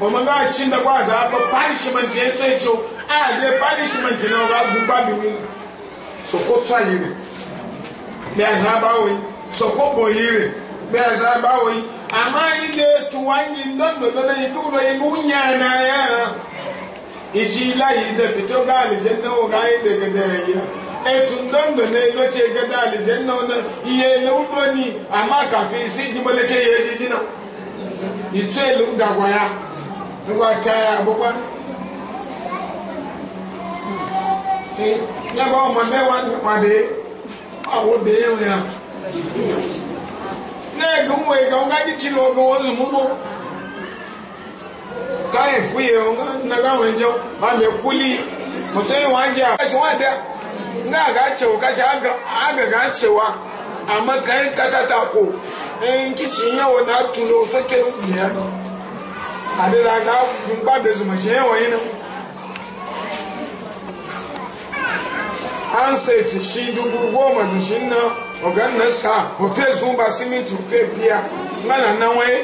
wɔmɔ naa kyi na ko azadi bɛ yɛ tɛ kyɛw a yɛ punishment na o ka gbogbo bi wi sɔkɔ tɔ yi mi bí àṣà báwo yìí sọ̀kò bòyí rẹ̀ bí àṣà báwo yìí àmọ́ ilé tuwa yìí lọ́dọ̀ lọ́dọ̀ yìí tó lọ ibú nyàna yá ìjì láyé dẹ̀bi tó bá àlìjẹ́ náà wò ká yìí dẹ̀gẹ̀dẹ̀ yìí ètùn lọ́dọ̀ náà ló ti gẹ́dẹ̀ àlìjẹ́ náà náà iye ló ń lọ ní àmọ́ kàfin sí jimọ́lẹ́kẹ́ yẹ jíjí náà ìtú èlò ń dàgbà ya nígbà tí a yà àbúkwá ní ẹgbẹ́ ọmọ mẹ́wàá nípàdé awo bee ya ne gun we ga nga ji kilo ga wo mu mo ka e fu ye o na ga we jo ba me kuli mo se wa nje a se wa da nga ga che o ka sha ga aga ga che wa ama kan katata ko en kichi ya o na tulo so ke ya adela ga ngba bezu mo se wa yin na an sai ti shi dubu goma da shi nan ogan na sa o fe zumba siminti o fe biya mana nan wai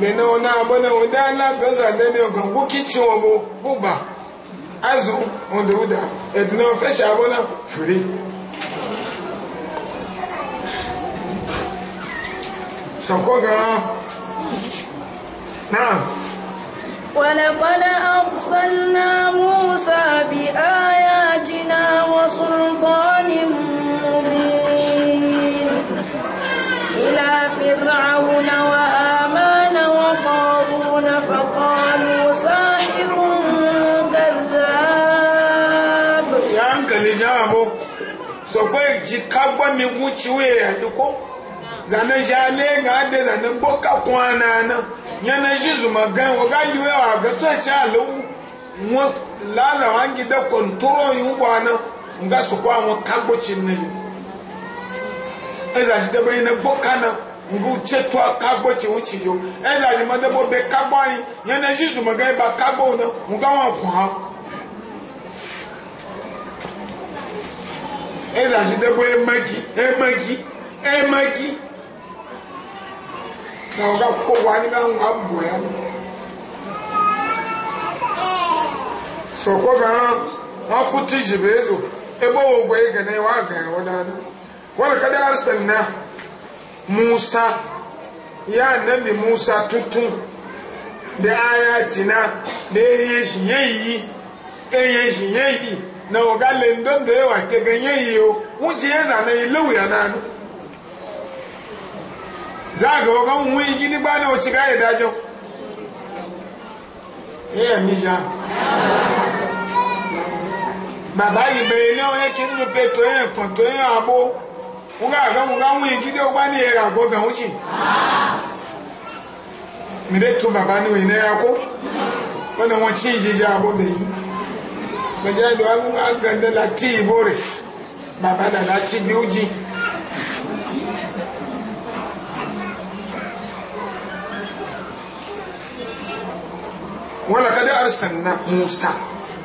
le na ona abana o da la gaza le ne ogan wo kitchen o bo buba azu on de uda et na o fe sha abona free so ko ga na ولقد أرسلنا موسى بآياتنا وسلطان مبين إلى فرعون وآمان وقارون فقالوا ساحر كذاب يانك لجابو sokwe jikagwa miguchiwe yaduko zana jale ga de zana boka kwana na nyana jizu magan waga liwe wa ga tsacha lu mu lalawan gida kontoro yu bwana nga sokɔ àwọn kagbotsi ne yi ezali de be yi ne gbɔ kana nga utse to kagbotsi ŋutsi yi o ezali me de bo be kagbɔ anyi nye ne zizu me ge ba kagbɔ ne nga wɔn gɔn ha ezali de bo emegi emegi emegi na o ka ko wa ni ka ŋa bɔ ya sokɔ kan wọn kú tí jìbìrì lò. ebe o gwe ga na wa ga wa da wala kada na musa ya annabi musa tutun da ayatina da yayin shi yayi yayin shi yayi na oga lendon da yawa ke ganye yi o wuce ya zana yi lauya na nu za ga wagan wuyi gidi ba na wuce ga ya dajo ya yi mija bàbá yìí bẹ̀rẹ̀ ní ọ̀hún kí ní pé tó yẹn kàn tó yẹn àbó wúrà rọ̀hún ráhùn ìgídé ó bá ní ẹ̀rà gbọ́gàn ó sì. mìíràn tó bàbá ní òyìn náírà kó wọn ni wọn tí ìṣiṣẹ àbó bẹyìn gbẹjẹ ìlú agandẹ la tí ìbò rẹ bàbá dàda tí bí ó jìn. ولقد أرسلنا موسى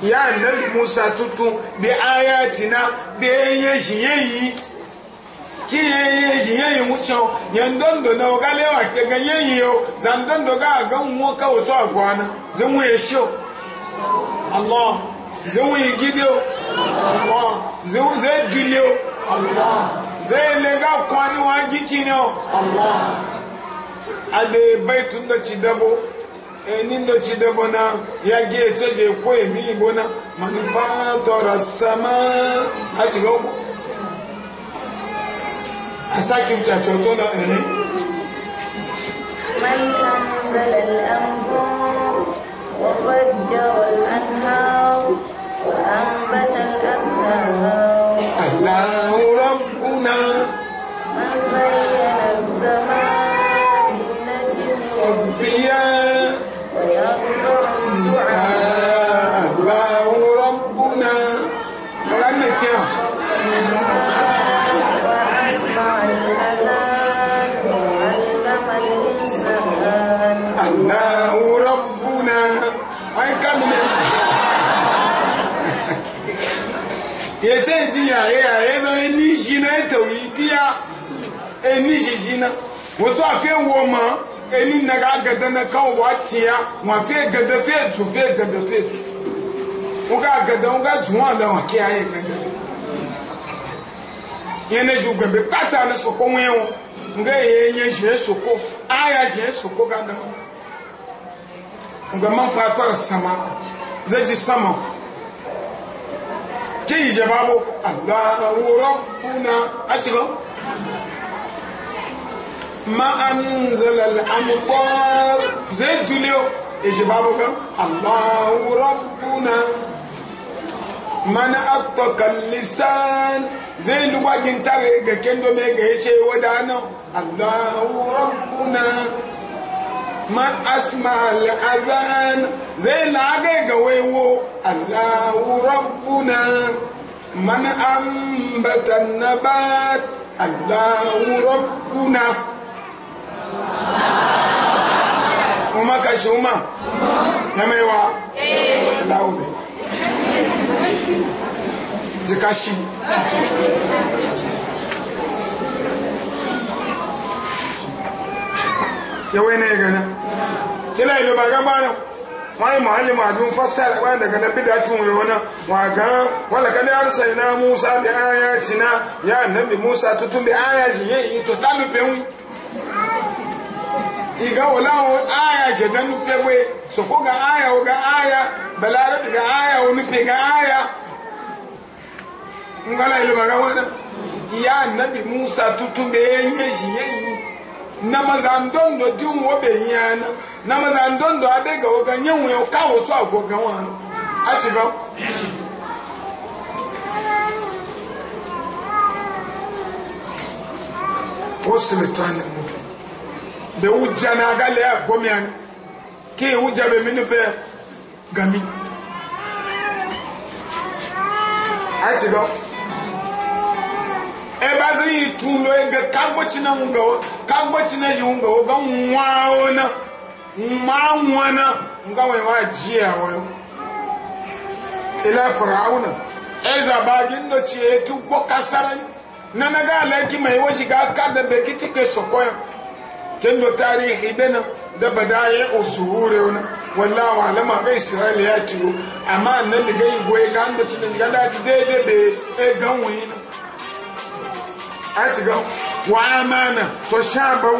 ya nabi musa tutu di ayatina tina bí eye ṣìyẹ yìí kí eye ṣìyẹ yìí na ọ̀gá lẹ́wà gẹ́gẹ́ yẹ yìí o zandondo ká àgá ń wọ́n ká òtún àgọ́ àná allah zinwu ìgídé o allah o allah o allah eni ndo chidebo e na ya gi eteje ko na manifatora sama achiga okwu asaki uche achi ọtọ ti yaye yaye na eni jina etoyi ti ya eni jijina wọ́n tún àfẹ́ wọ mọ́ eni naga gẹ̀dẹ̀ na kan wà tiẹ̀ wọ́n fẹ́ gẹ̀dẹ̀ fẹ́ tù fẹ́ gẹ̀dẹ̀ fẹ́ tù wọ́n ká gẹ̀dẹ̀ wọ́n ká tù wọ́n lọ wọ́n kí ayé gẹ̀dẹ̀ yẹn ní ju gẹ̀dẹ̀ pátá ní sọ̀kọ́ wọ́n yẹn wọ́n nga yẹ yẹ jẹ́ sọ̀kọ́ ayé jẹ́ sọ̀kọ́ ká dẹ̀ wọ́n nga máa fọ́ sàmà zẹ́ sàmà kí ìjẹba bó àlọ́ rọ́bùnà àtìkọ́ ma anzalal amtar zai dulio ìjẹba bó kan àlọ́ rọ́bùnà mana atọ́kàn lisan zai lugwagin tare ga kendo mai ga ya ce ma asma al'adhan zai lagai ga waiwo allahu rabbuna man ambatan nabat allahu rabbuna kuma ka shi umar ya wa. allahu ne jika shi yawai na ya gana kila ilo ba gaba nan wani muhalli majun fassara ba daga na bida cin wani wa ga wala kan ya rusa ina musa bi ayatina ya annabi musa tutun bi ayati yayi to talu pewi iga wala o aya je dan pewe so ko ga aya o ga aya balare ga aya o ni ga aya ngala ilo ba ya annabi musa tutun bi yayi yayi na mazandondo di wo be yana na mazandondo adega wo ga nye nwe ka wo so agwo ga wan achi go o sultan mu be uja na ga le agbo mi ani ke uja be mi ni pe gami achi go e ba zai tulo e ga kagbo chinamu ga wo kagbaci na ji ga oga nwa na nwa nwa na nga wani wa jiya wani ila fir'auna eza bagin da ce ya tuko kasarai na na ga alaiki mai waje ga ka da beki tike sokoya kin do tarihi bena da badaya usuhure wani wallahu alama ga isra'ila ya tiyo amma na liga igwe ga an da cinin gada daidai da e ganwuyi na a wa amana to shabau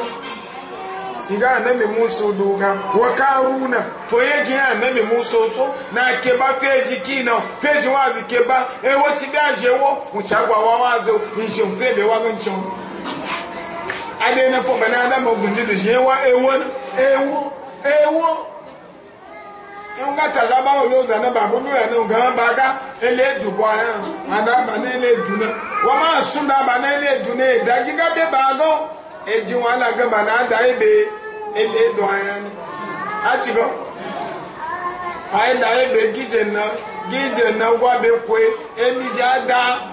iga annabi musa duga wa karuna to yake annabi musa so na ke ba feji kina feji wazi ke ba e wo ci da je wo mu chagwa wa wazo in je mfe be wa gancho ade na fo bana na mo gunji du je wa ewo ewo ewo nga tala ba wo lo zana ba bo ya no ga ba ga ele du anya ya ada ba ne ele du na wa ma su da ba ne ele du ne da ji ga be ba go e ji na ada ebe ele edu anya ni anyị. ti go ai e da ebe gije na gije na wa be e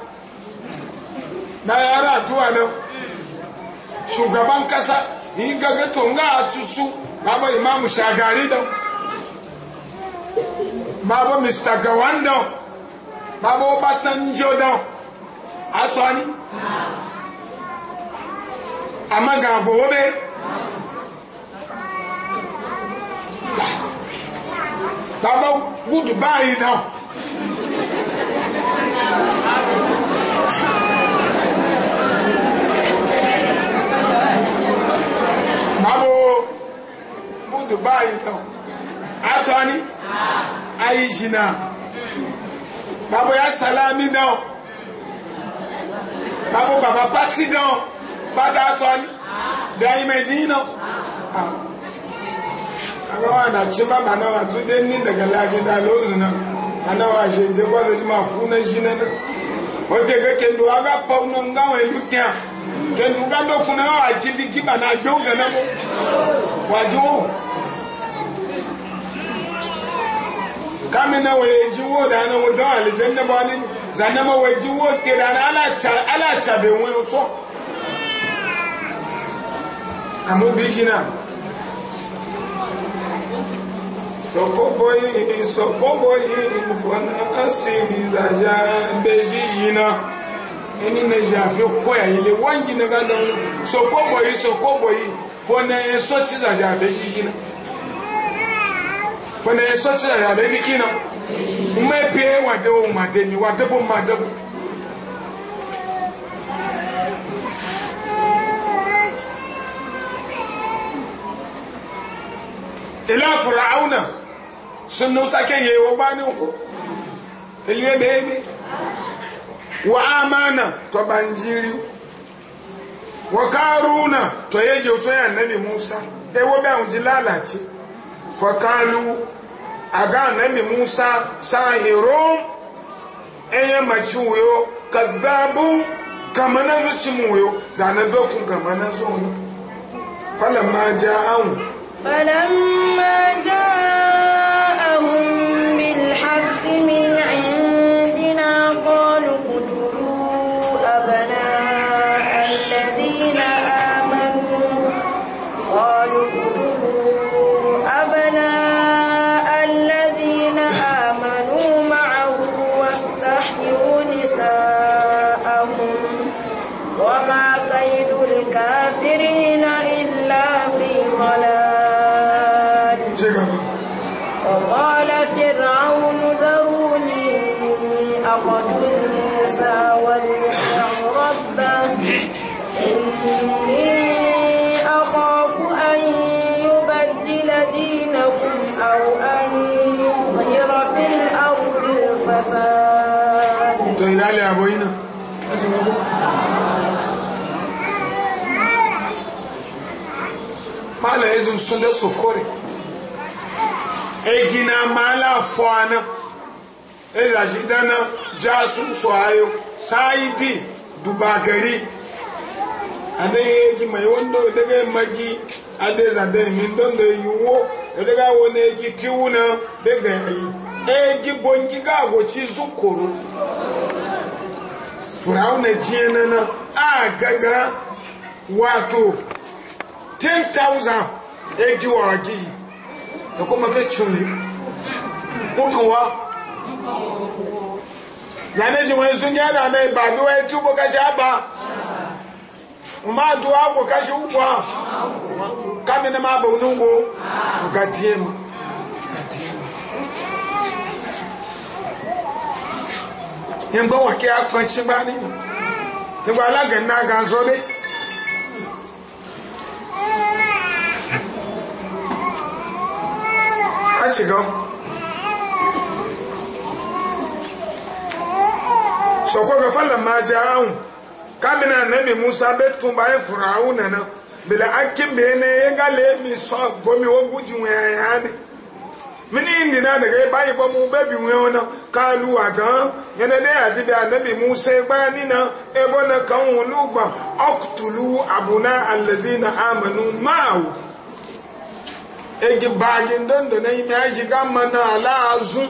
na yara addu'a nan shugaban kasa in gaga to nga atusu na ba imamu shagari da ma ba mr gawan da ma ba obasanjo da atwani amma ga gobe baba gudu bayi da abo budu bayi tɔ atɔni ayi zina babo ya salami dɔn babo baba pati dɔn pata atɔni dayi mɛ zi nɔ aga wa na tsiba bana wa tu de ni dagala ake da lo zina bana wa zi de wa de ma fu na zi na na o de ke kendo aga pɔw na nga wa elu kẹntu gando kuna wa jibi jiba na gbẹwò gẹnẹ kó wàjú kamina wo eji wo dana wo dɔn alize nebo ani zanema wo eji wo ke na ala tsa ala tsa be wo tɔ amu bi jina sokoboyi sokoboyi fɔna na mi la ja be jina. emi na yi afi kɔ ya yi le wangi na ka dɔn no soko bɔ soko bɔ fo na ye sɔ ti la yi a bɛ na fo na ye sɔ ti la yi a bɛ zizi na mɛ pe wa de wo ma de mi wa de bo ma de bo. ila fir'auna sun nusa ke yewo bani ko ilwe bebe wa amana to banjiri wa karuna to yeje to ya nabi musa De wo ba unji lalace fa kalu aga nabi musa sahirun eye machuyo kadhabu kama nazo chimuyo zanadoku kama nazo falamma ja'u falamma ja'u وساء to mala yezu sunde sokore egina mala fwana eza jidana jasu soayo saidi dubagari anaye egi mayondo, wando magi adeza da min don da yiwo daga wani ji tiwuna eji bongi ga goci zukuru firauna e jinana a gaga wato 10,000 eji wagi da kuma fi cunle mukawa na ne ji wani na yada mai ba biwa ya tubo kashi ba ma duwa ko kashi a kamina ma ba unungo to gatiye mu yẹnbọn wọn kí akọ̀ǹtì bá ní nígbà alágẹ̀ẹ́nà ganzọ́lé. a ci gan sọkọ bẹ fọlọ máa jẹ ahun kábínà nẹbi musa bẹ tún báyìí e fura ahun nana bìlẹ akínbìnrin ní yẹn gálẹ mi sọ gomi ogun jùwẹ̀ẹ́ yẹn ni. mini ni na daga e bayi ba mu babi wewo na kalu aga yana ne ati da annabi Musa ba ni na e bona kan wulu ba aqtulu abuna allazina amanu ma'u egi bagin don don ne mi aji ma na ala azu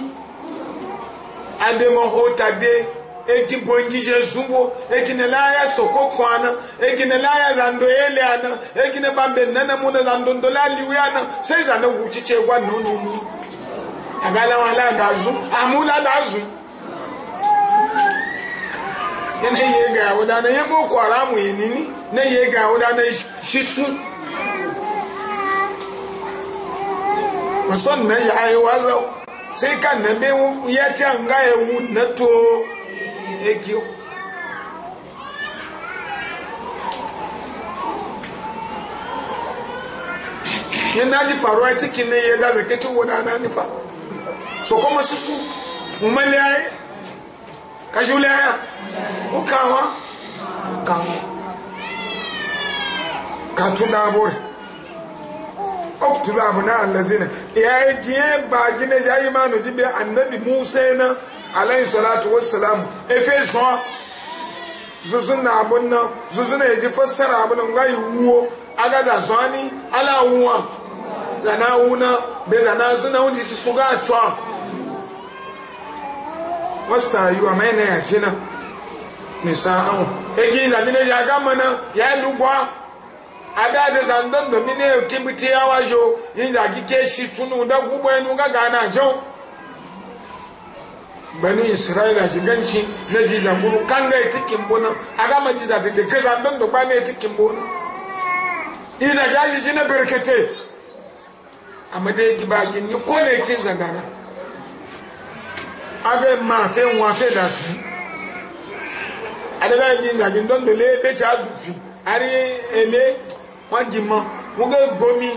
ade mo hotade eki bonji jesu bo eki e ne laya soko kwana eki ne laya zando ele ana eki ne bambe nana mu na zando ndolali wiana sai zando guchiche gwa nunu agalawa aladazu amuladazu na ye ga wuda na ye boko haramu yi nini na ye ga wuda shitu musan na ya yi wazo sai kan na be ya ci an gaya wu na to ekiyo yana ji faruwa cikin ne ya da zakaci wuda na sokoma susu umaliaye kajuleaya ukawa ukawa katunda abore oftulu abu na allazina yayi jiye baji ne jayi manu jibe annabi musa na alayhi salatu wassalam efe zuwa zuzun na abun nan zuzun na yaji fassara abun nan ga yiwuwo aga ala wuwa zana wuna be zana zuna wunji su suga tsuwa wasta yu ama yana ya jina nisa ahun egi zani ne ya gama na ya yi lugwa ada da zandan domin ne kibiti ya wajo yin zagi ke shi tunu da gubo ya nuga gana jau bani isra'ila shi ganci na ji zanguru kan ga iti kimbo na a gama ji zati da ke zandan da ba na iti kimbo na yin ya ji na birkete amma dai ki ba ki ni aga ma fe nwa fe da si adela ni na gin don dele be cha ju fi ari ele won ji mo won ge gomi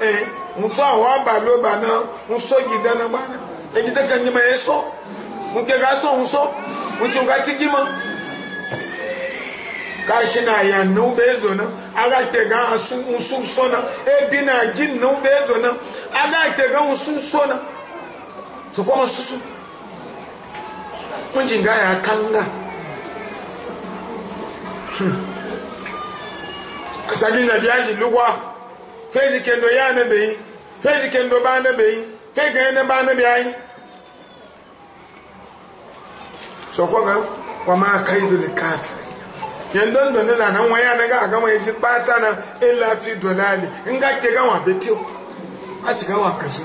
eh won so awa ba lo ba na won so gi dana ba na e gi te kan ni ma e so won ke ga so won so won ti ga ti gi mo ka shi na ya nu be zo na aga te ga asu usu so na e bi na gi nu be zo na aga te ga usu so na so kunji ga ya kanga asagi na biya ji lugwa fezikendo ya na beyi fezi ba na beyi fezi ga na ba na ga wa ma kaidu li kafir yan don don na nan waya na ga ga mai ji bata na illa fi dolali in ga ke ga wa betiyo a ci ga wa kashi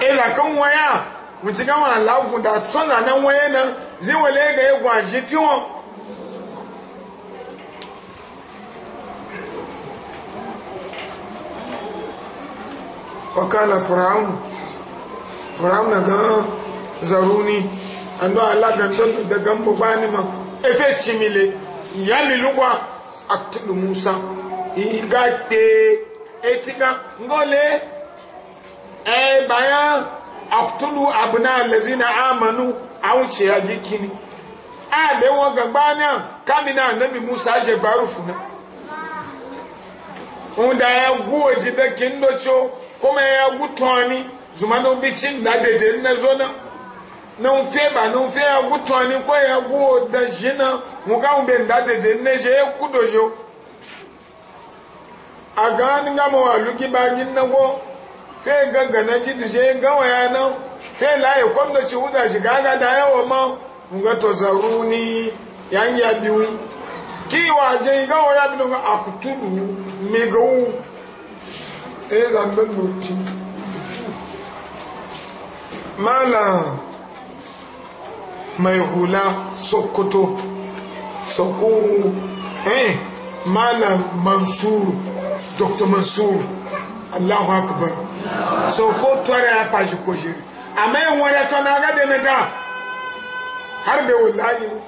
ila kan waya mutu nwa ala lagu da na nan waya nan zai wale ga egwu ya gwaji tiwon o fir'aun fir'aun na ga zaruni an ala Allah dan don da gambo bani ma efe chimile yali lugwa aktudu musa igate etiga ngole Ee, bayan aktulu abna allazina amanu awu ce ya gikini a be won gagba na kamina annabi Musa je barufu na unda ya guwo ji da kindocho kuma ya gutoni zumanu bicin na dede na zona na. feba não fe agu tɔni ko ya gu da zina mugan bɛ da dede ne ze eku do yo a gan ni ka ma wa luki kai gangana jidu she gawa ya nan kai laye kwamna ci wuda shi gaga da yawa ma ga to ni yan ya biyu ki wa je gawa ya biyu akutulu gawu. e eh, zambe nuti mala mai hula sokoto sokuru eh mala mansur dr mansur allahu akbar so ko tɔrɛ ya kpa ziko ziri ame yi wɔn yɛ tɔ na aga dene ta hali bɛ wòle ayi wo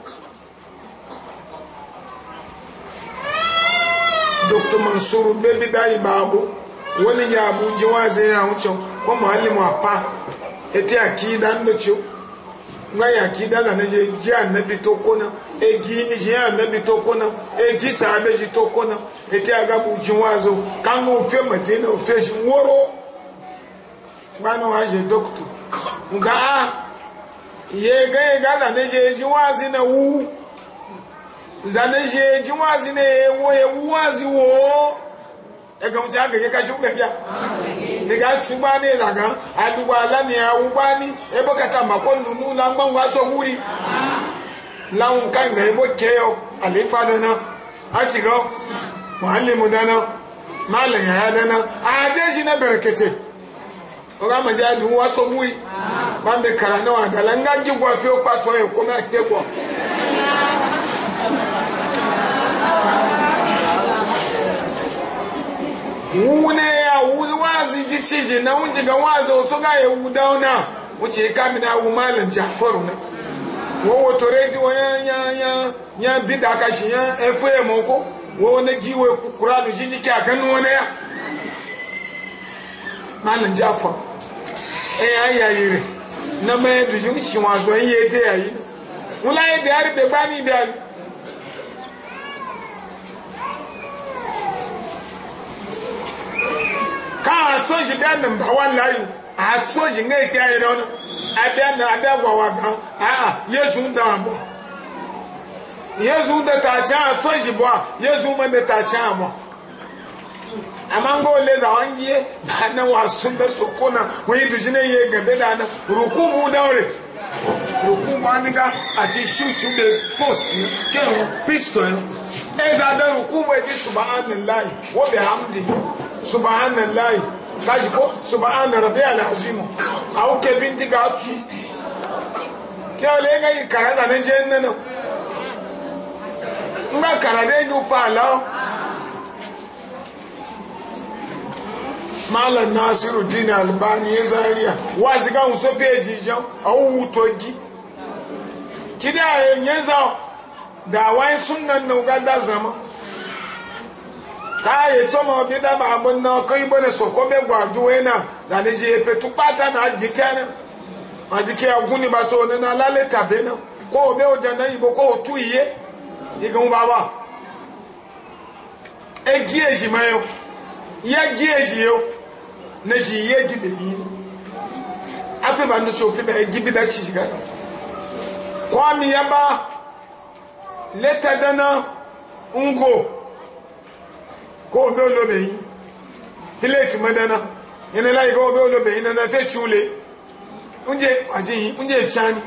dr mansuru bɛbi da yi baabo wani yɛ abu je wa ze yɛ ahun kyɛw ko maa limu apa eti akida ndo kyɛw nga yɛ akida la ne yɛ gye anabi to ko na egi ni yɛ anabi to ko na egi saa bɛ yi to ko na eti aga bu je wa zo kan ko fɛ mɛte na o fɛ si woro gbani wa ṣe dókítù nga a iye gẹ́gẹ́ gádà ní ṣe jí wá sí na wú ìzàní ṣe jí wá sí na ewo ewu wá sí wo ẹgbẹ̀rún tí a gẹ̀gẹ́ káṣí gẹ̀gẹ́ nìga túgbà ní ìlàgán àdúgbò alámìí awúgbà ní ẹbọ́ kàtà màkó nùnú lágbọ́n wá sọ wúri láwọn káńgà ẹbọ́ kẹyọ àléfà dáná a ti gọ́ wàá lè mú dáná má lè yàrá dáná àdéjì náà bẹ̀rẹ̀ kẹtẹ̀. oga mazi adi wa so wui ba mbe kara na wa dala nga ji gwa fi okpa to e ko me wune ya wu wazi ji chiji na unji ga wazi o so ga ye wu da ona wuce ka mi na wu malam jafaru na wo wo to redi wo ya ya ya ya bidaka shi ya efu e moko wo ne giwe kura du jiji ka kanu ne ya malam jafar ɛyà yayi rɛ nama yɛ dusu siwansɔn yi yɛ te yayi wula yɛ diari bɛ gba ni diari. kaa atsoji bɛ nimba wala yi atsoji ŋa ekpe ayi dɔn abɛ na abɛ wawa gan aa yezu da bɔ yezu de ta kyɛn atsoji bɔ a yezu me de ta kyɛn bɔ amma ga za wangiye bana na wasun da soko na wani duji gabe da na ruku mu daure ruku ba ni ga a post kewu pistol e za da ruku ba ji subhanallahi wa bihamdi subhanallahi kashi ko subhana rabbiyal au ke binti ga tu ke wale ga yi kara da nan je nga kara de ju pa Mala nasiru dini albani ya zariya wa shi kan so feji jau au wutogi kida yanyan za da wai sunnan na uganda zama ka yi tsoma bi da ba abin na kai bane na ko me gwaju wena zane je pe tupata na gitana adike aguni ba so na lale tabe na ko be o dana ibo ko o iye igun baba egi eji mayo yagi gi eji yo na shi yi gibi yi afi ba ni sofi bɛ gibi bɛ ci shiga kwami ya ba leta dana ngo ko obe olobe yi pileti ma dana yana layi ga obe olobe yi na na fe cule unje aji yi unje chani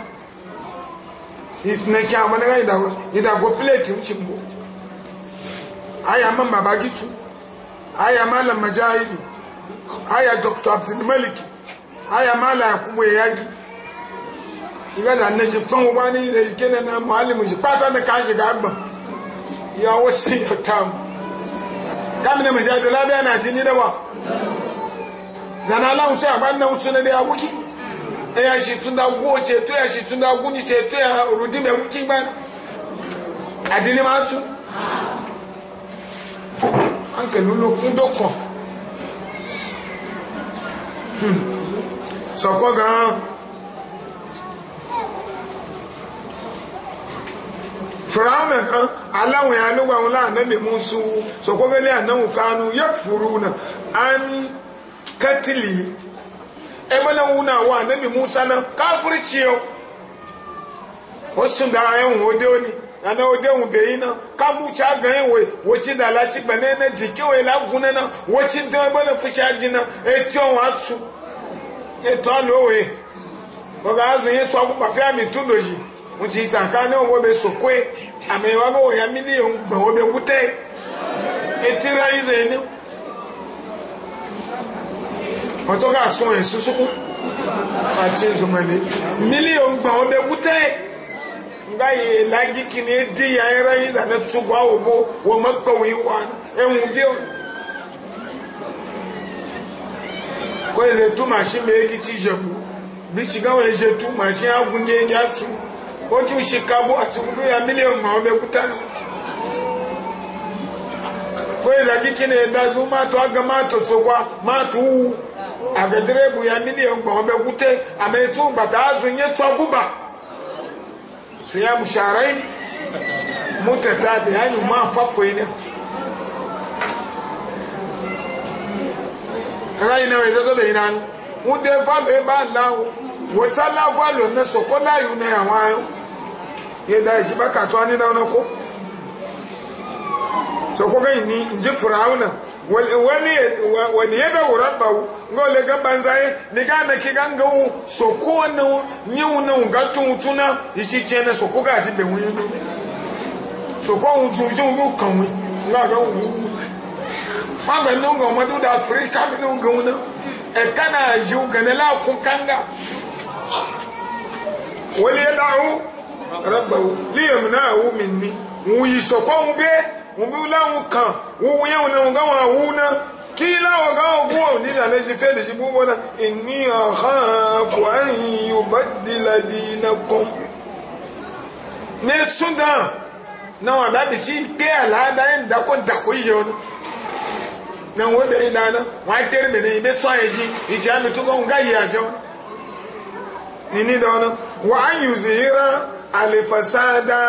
itina kya ma na ga idago idago pileti unchi mbo aya mamba bagitu aya malam majahidu aya dr abdulmalik aya mala ya yagi ibe da na ji pan wa ni da ke na muallimu ji pata na kan shiga abba ya wasi ya tam kamne mujadala bi ana jini da wa zana la wuce a na wuce na da ya wuki e ya shi tun da go ce to ya shi tun da guni ce to ya rudi me wuki ba adini ma su an kalulu kun dokon Só quando a furana ha alawun ya nuwa wula na nemun su so kwa ni anan kanu ya furuna an katili e na wuna wa na nemun sana kafirci yo wasu da ayan ana ode ŋun bɛ yin na kabu tsa gan wo wotsi da la tsi gbɛ nene dike wo la gun nena wotsi dɛn bɛ le futsi adi na eti wɔn atu etu alo woe wɔga azɛ yin tso akpa fi ami tu do yi ŋutsi tsaka ne wo bɛ sokoe ame wa bɛ wo ya miliyon gbɛ wo bɛ kute eti la yi zɛ ne wɔtɔ ka sɔn esusuku atsi zumani miliyon gbɛ wo bɛ kute nga ye lagi kini di ya yɛrɛ yi na ne tugba wo bo wo me kpe wo yi wa eŋu bi o ko eze tu machine be eki tsi dze ku bi tsi gawo eze tu machine agun dze nya tu o tu si kabo ati kudu ya milion ma wo be kuta na ko eze bi kini eda zu ma to aga ma to sogwa ma to wu agedere bu ya milion ma wo be kute ame tu gbata azu nye tsɔ guba siyamu sharain mutatabi'ani ma fafo ina ara ina we dodo le ina nu mude fa be ba lawo wo sala fa lo na so ko layu na àwọn ayo ye da ji ba ka to ani na ko so ko ga ni nje furauna wani yadda wurar bawu ga wale gaban zaye ni ga na ki gan gawo so ko wani yiwu na tun tuna ishi ce na so ko ga ji bai wani so ko wun tun ji wu kan wi nga ga wu ma ga nun e ga da afirika bi nun ga wuna e kana ji ga na la kun kanga wale ya wu Rabawu. liyamna wu minni wu yi so ko wu be wùbíwúlá wù kàn wùwù yẹn wùnà wùgá wọn àwù náà kí láwọn ọ̀gá ogun ò ní ìlànà ìjì fẹ́ẹ̀lì sí búbọ́ náà ìní ọ̀hán kò ẹ̀yìn yóò bá dìlàdì iná kan. ní sudan náà wọn àdáàdì tí pé àlàáda ẹ̀ ń dákó dákó yìí ọ̀nà náà wọ́n bẹ̀rẹ̀ ìdáná wọ́n á tẹ́rẹ̀ mẹ́rin ìbẹ́ tó àyè jí ìjì àmì tó kọ́ ń gáyé àjọ nínú ìdáná wọ́n á yùzì yíra àlèfàsáadá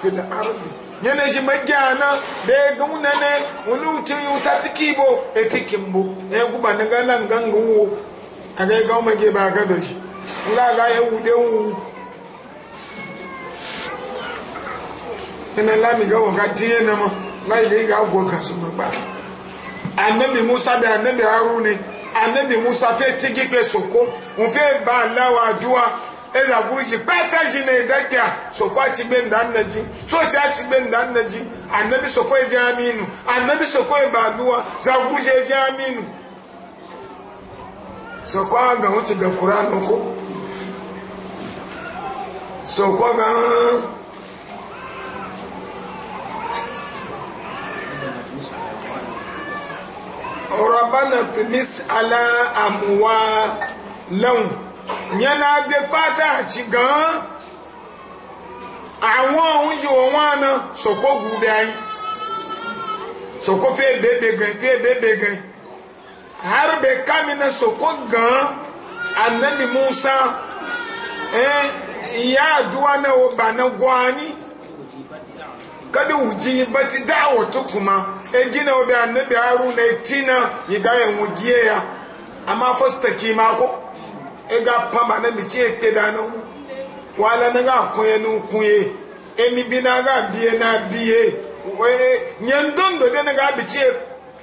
fìdí àrùdì nyana ji magyana da ya ga wunane wani wuce yi wuta tiki bo e tiki na gana ganga wo a ga ga nga ga ya wude wu ina lami ga wa ga tiye na ma na ile ga go ka su ba annabi musa da annabi haruna annabi musa fe tigi ke soko un ba lawa duwa eza guruji bata ji ne daga sokwa ci gbe nda nnaji soci a ci gbe nda nnaji annabi sokwa ya ji aminu annabi sokwa ya baduwa za guruji ya ji aminu sokwa ga wuce ga kuranu ko sokwa ga ربنا تمس على أموالهم yẹn náà dé pátàkì gan-an àwọn ohun jù wọn àna sòkó gùn bí ayé sòkó fẹ́ bèbè gan fẹ́ bèbè gan harbe kamina sòkó gan anabi musa ẹ ìyá aduwa na wò na gwani kada wuji bati da'awa tukuma e gina wa bi annabi haruna tina yi ga yan wujiye ya amma fasta kima ko ega pamba na michi te da na wala na ga funye nu kunye emi bi na ga biye na biye we nyandondo de na ga bichi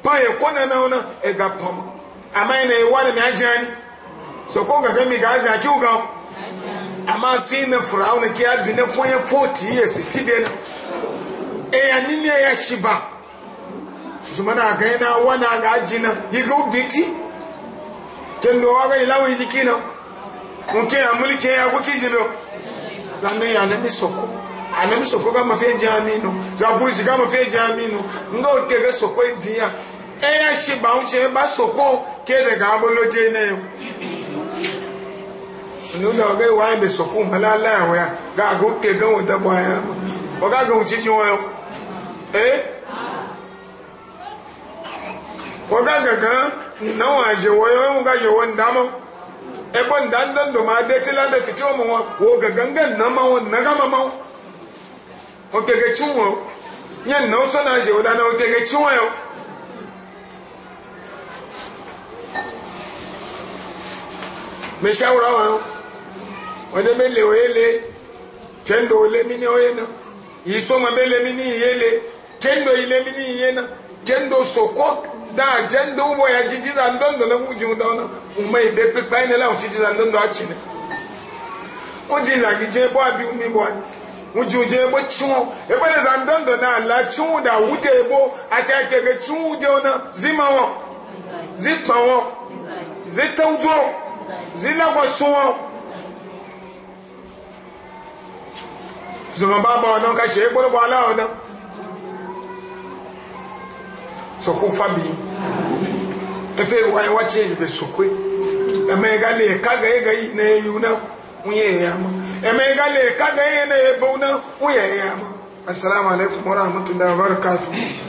pa ye kona na ona ega pamba ama ina e wala mi ajani so ko ga mi ga aja ki uga ama si na na ki abi na kunye 40 years bi na e ya nini ya shiba zumana ga ina wana ga ajina yigo biti tendo waga ilawi zikina nke ya mulke ya kuke Na lannan ya nabi soko anabi soko ga mafi ji aminu zakuru ji ga mafi ji aminu nga oke ga soko di ya e ya shi ba wuce ba soko ke da ga abolo je ne yo ni da ga wa be soko malala ya wa ga ga oke ga wada ba ya ba e? ga ga wuce ji wa eh wa ga ga ga nawa je wa yo ga je wa ndamo ebo ndandan do ma de ti la be fiti o mo won wo gagangan na ma won na ga ma ma o gege chi won nyen na o to na je o da na o gege chi won yo me shawra won o de mele o ele tendo ole mi ni o ye na yi so ma mele mi ni yele tendo ile mi ni yena tendo sokok da jan da ubo ya ji jizan don da na wujin da wani umai da fi bayan da launci jizan don da aci ne wujin zagi je bo abi umi bo wujin je bo ciwo ebe da zan don da na ala ciwo da wuta ebo a ci ake ga ciwo je wani zima wọn zipa wọn zitaujo zilagwasu wọn zuma ba ba wọn ka ṣe é gbọ́dọ̀ bọ aláwọ náà soko family efe waye wache be sokwe eme gale kaga e ye gai e e na yuna unye yama eme gale kaga ye na ebuna unye yama assalamu alaikum wa rahmatullahi wa barakatuh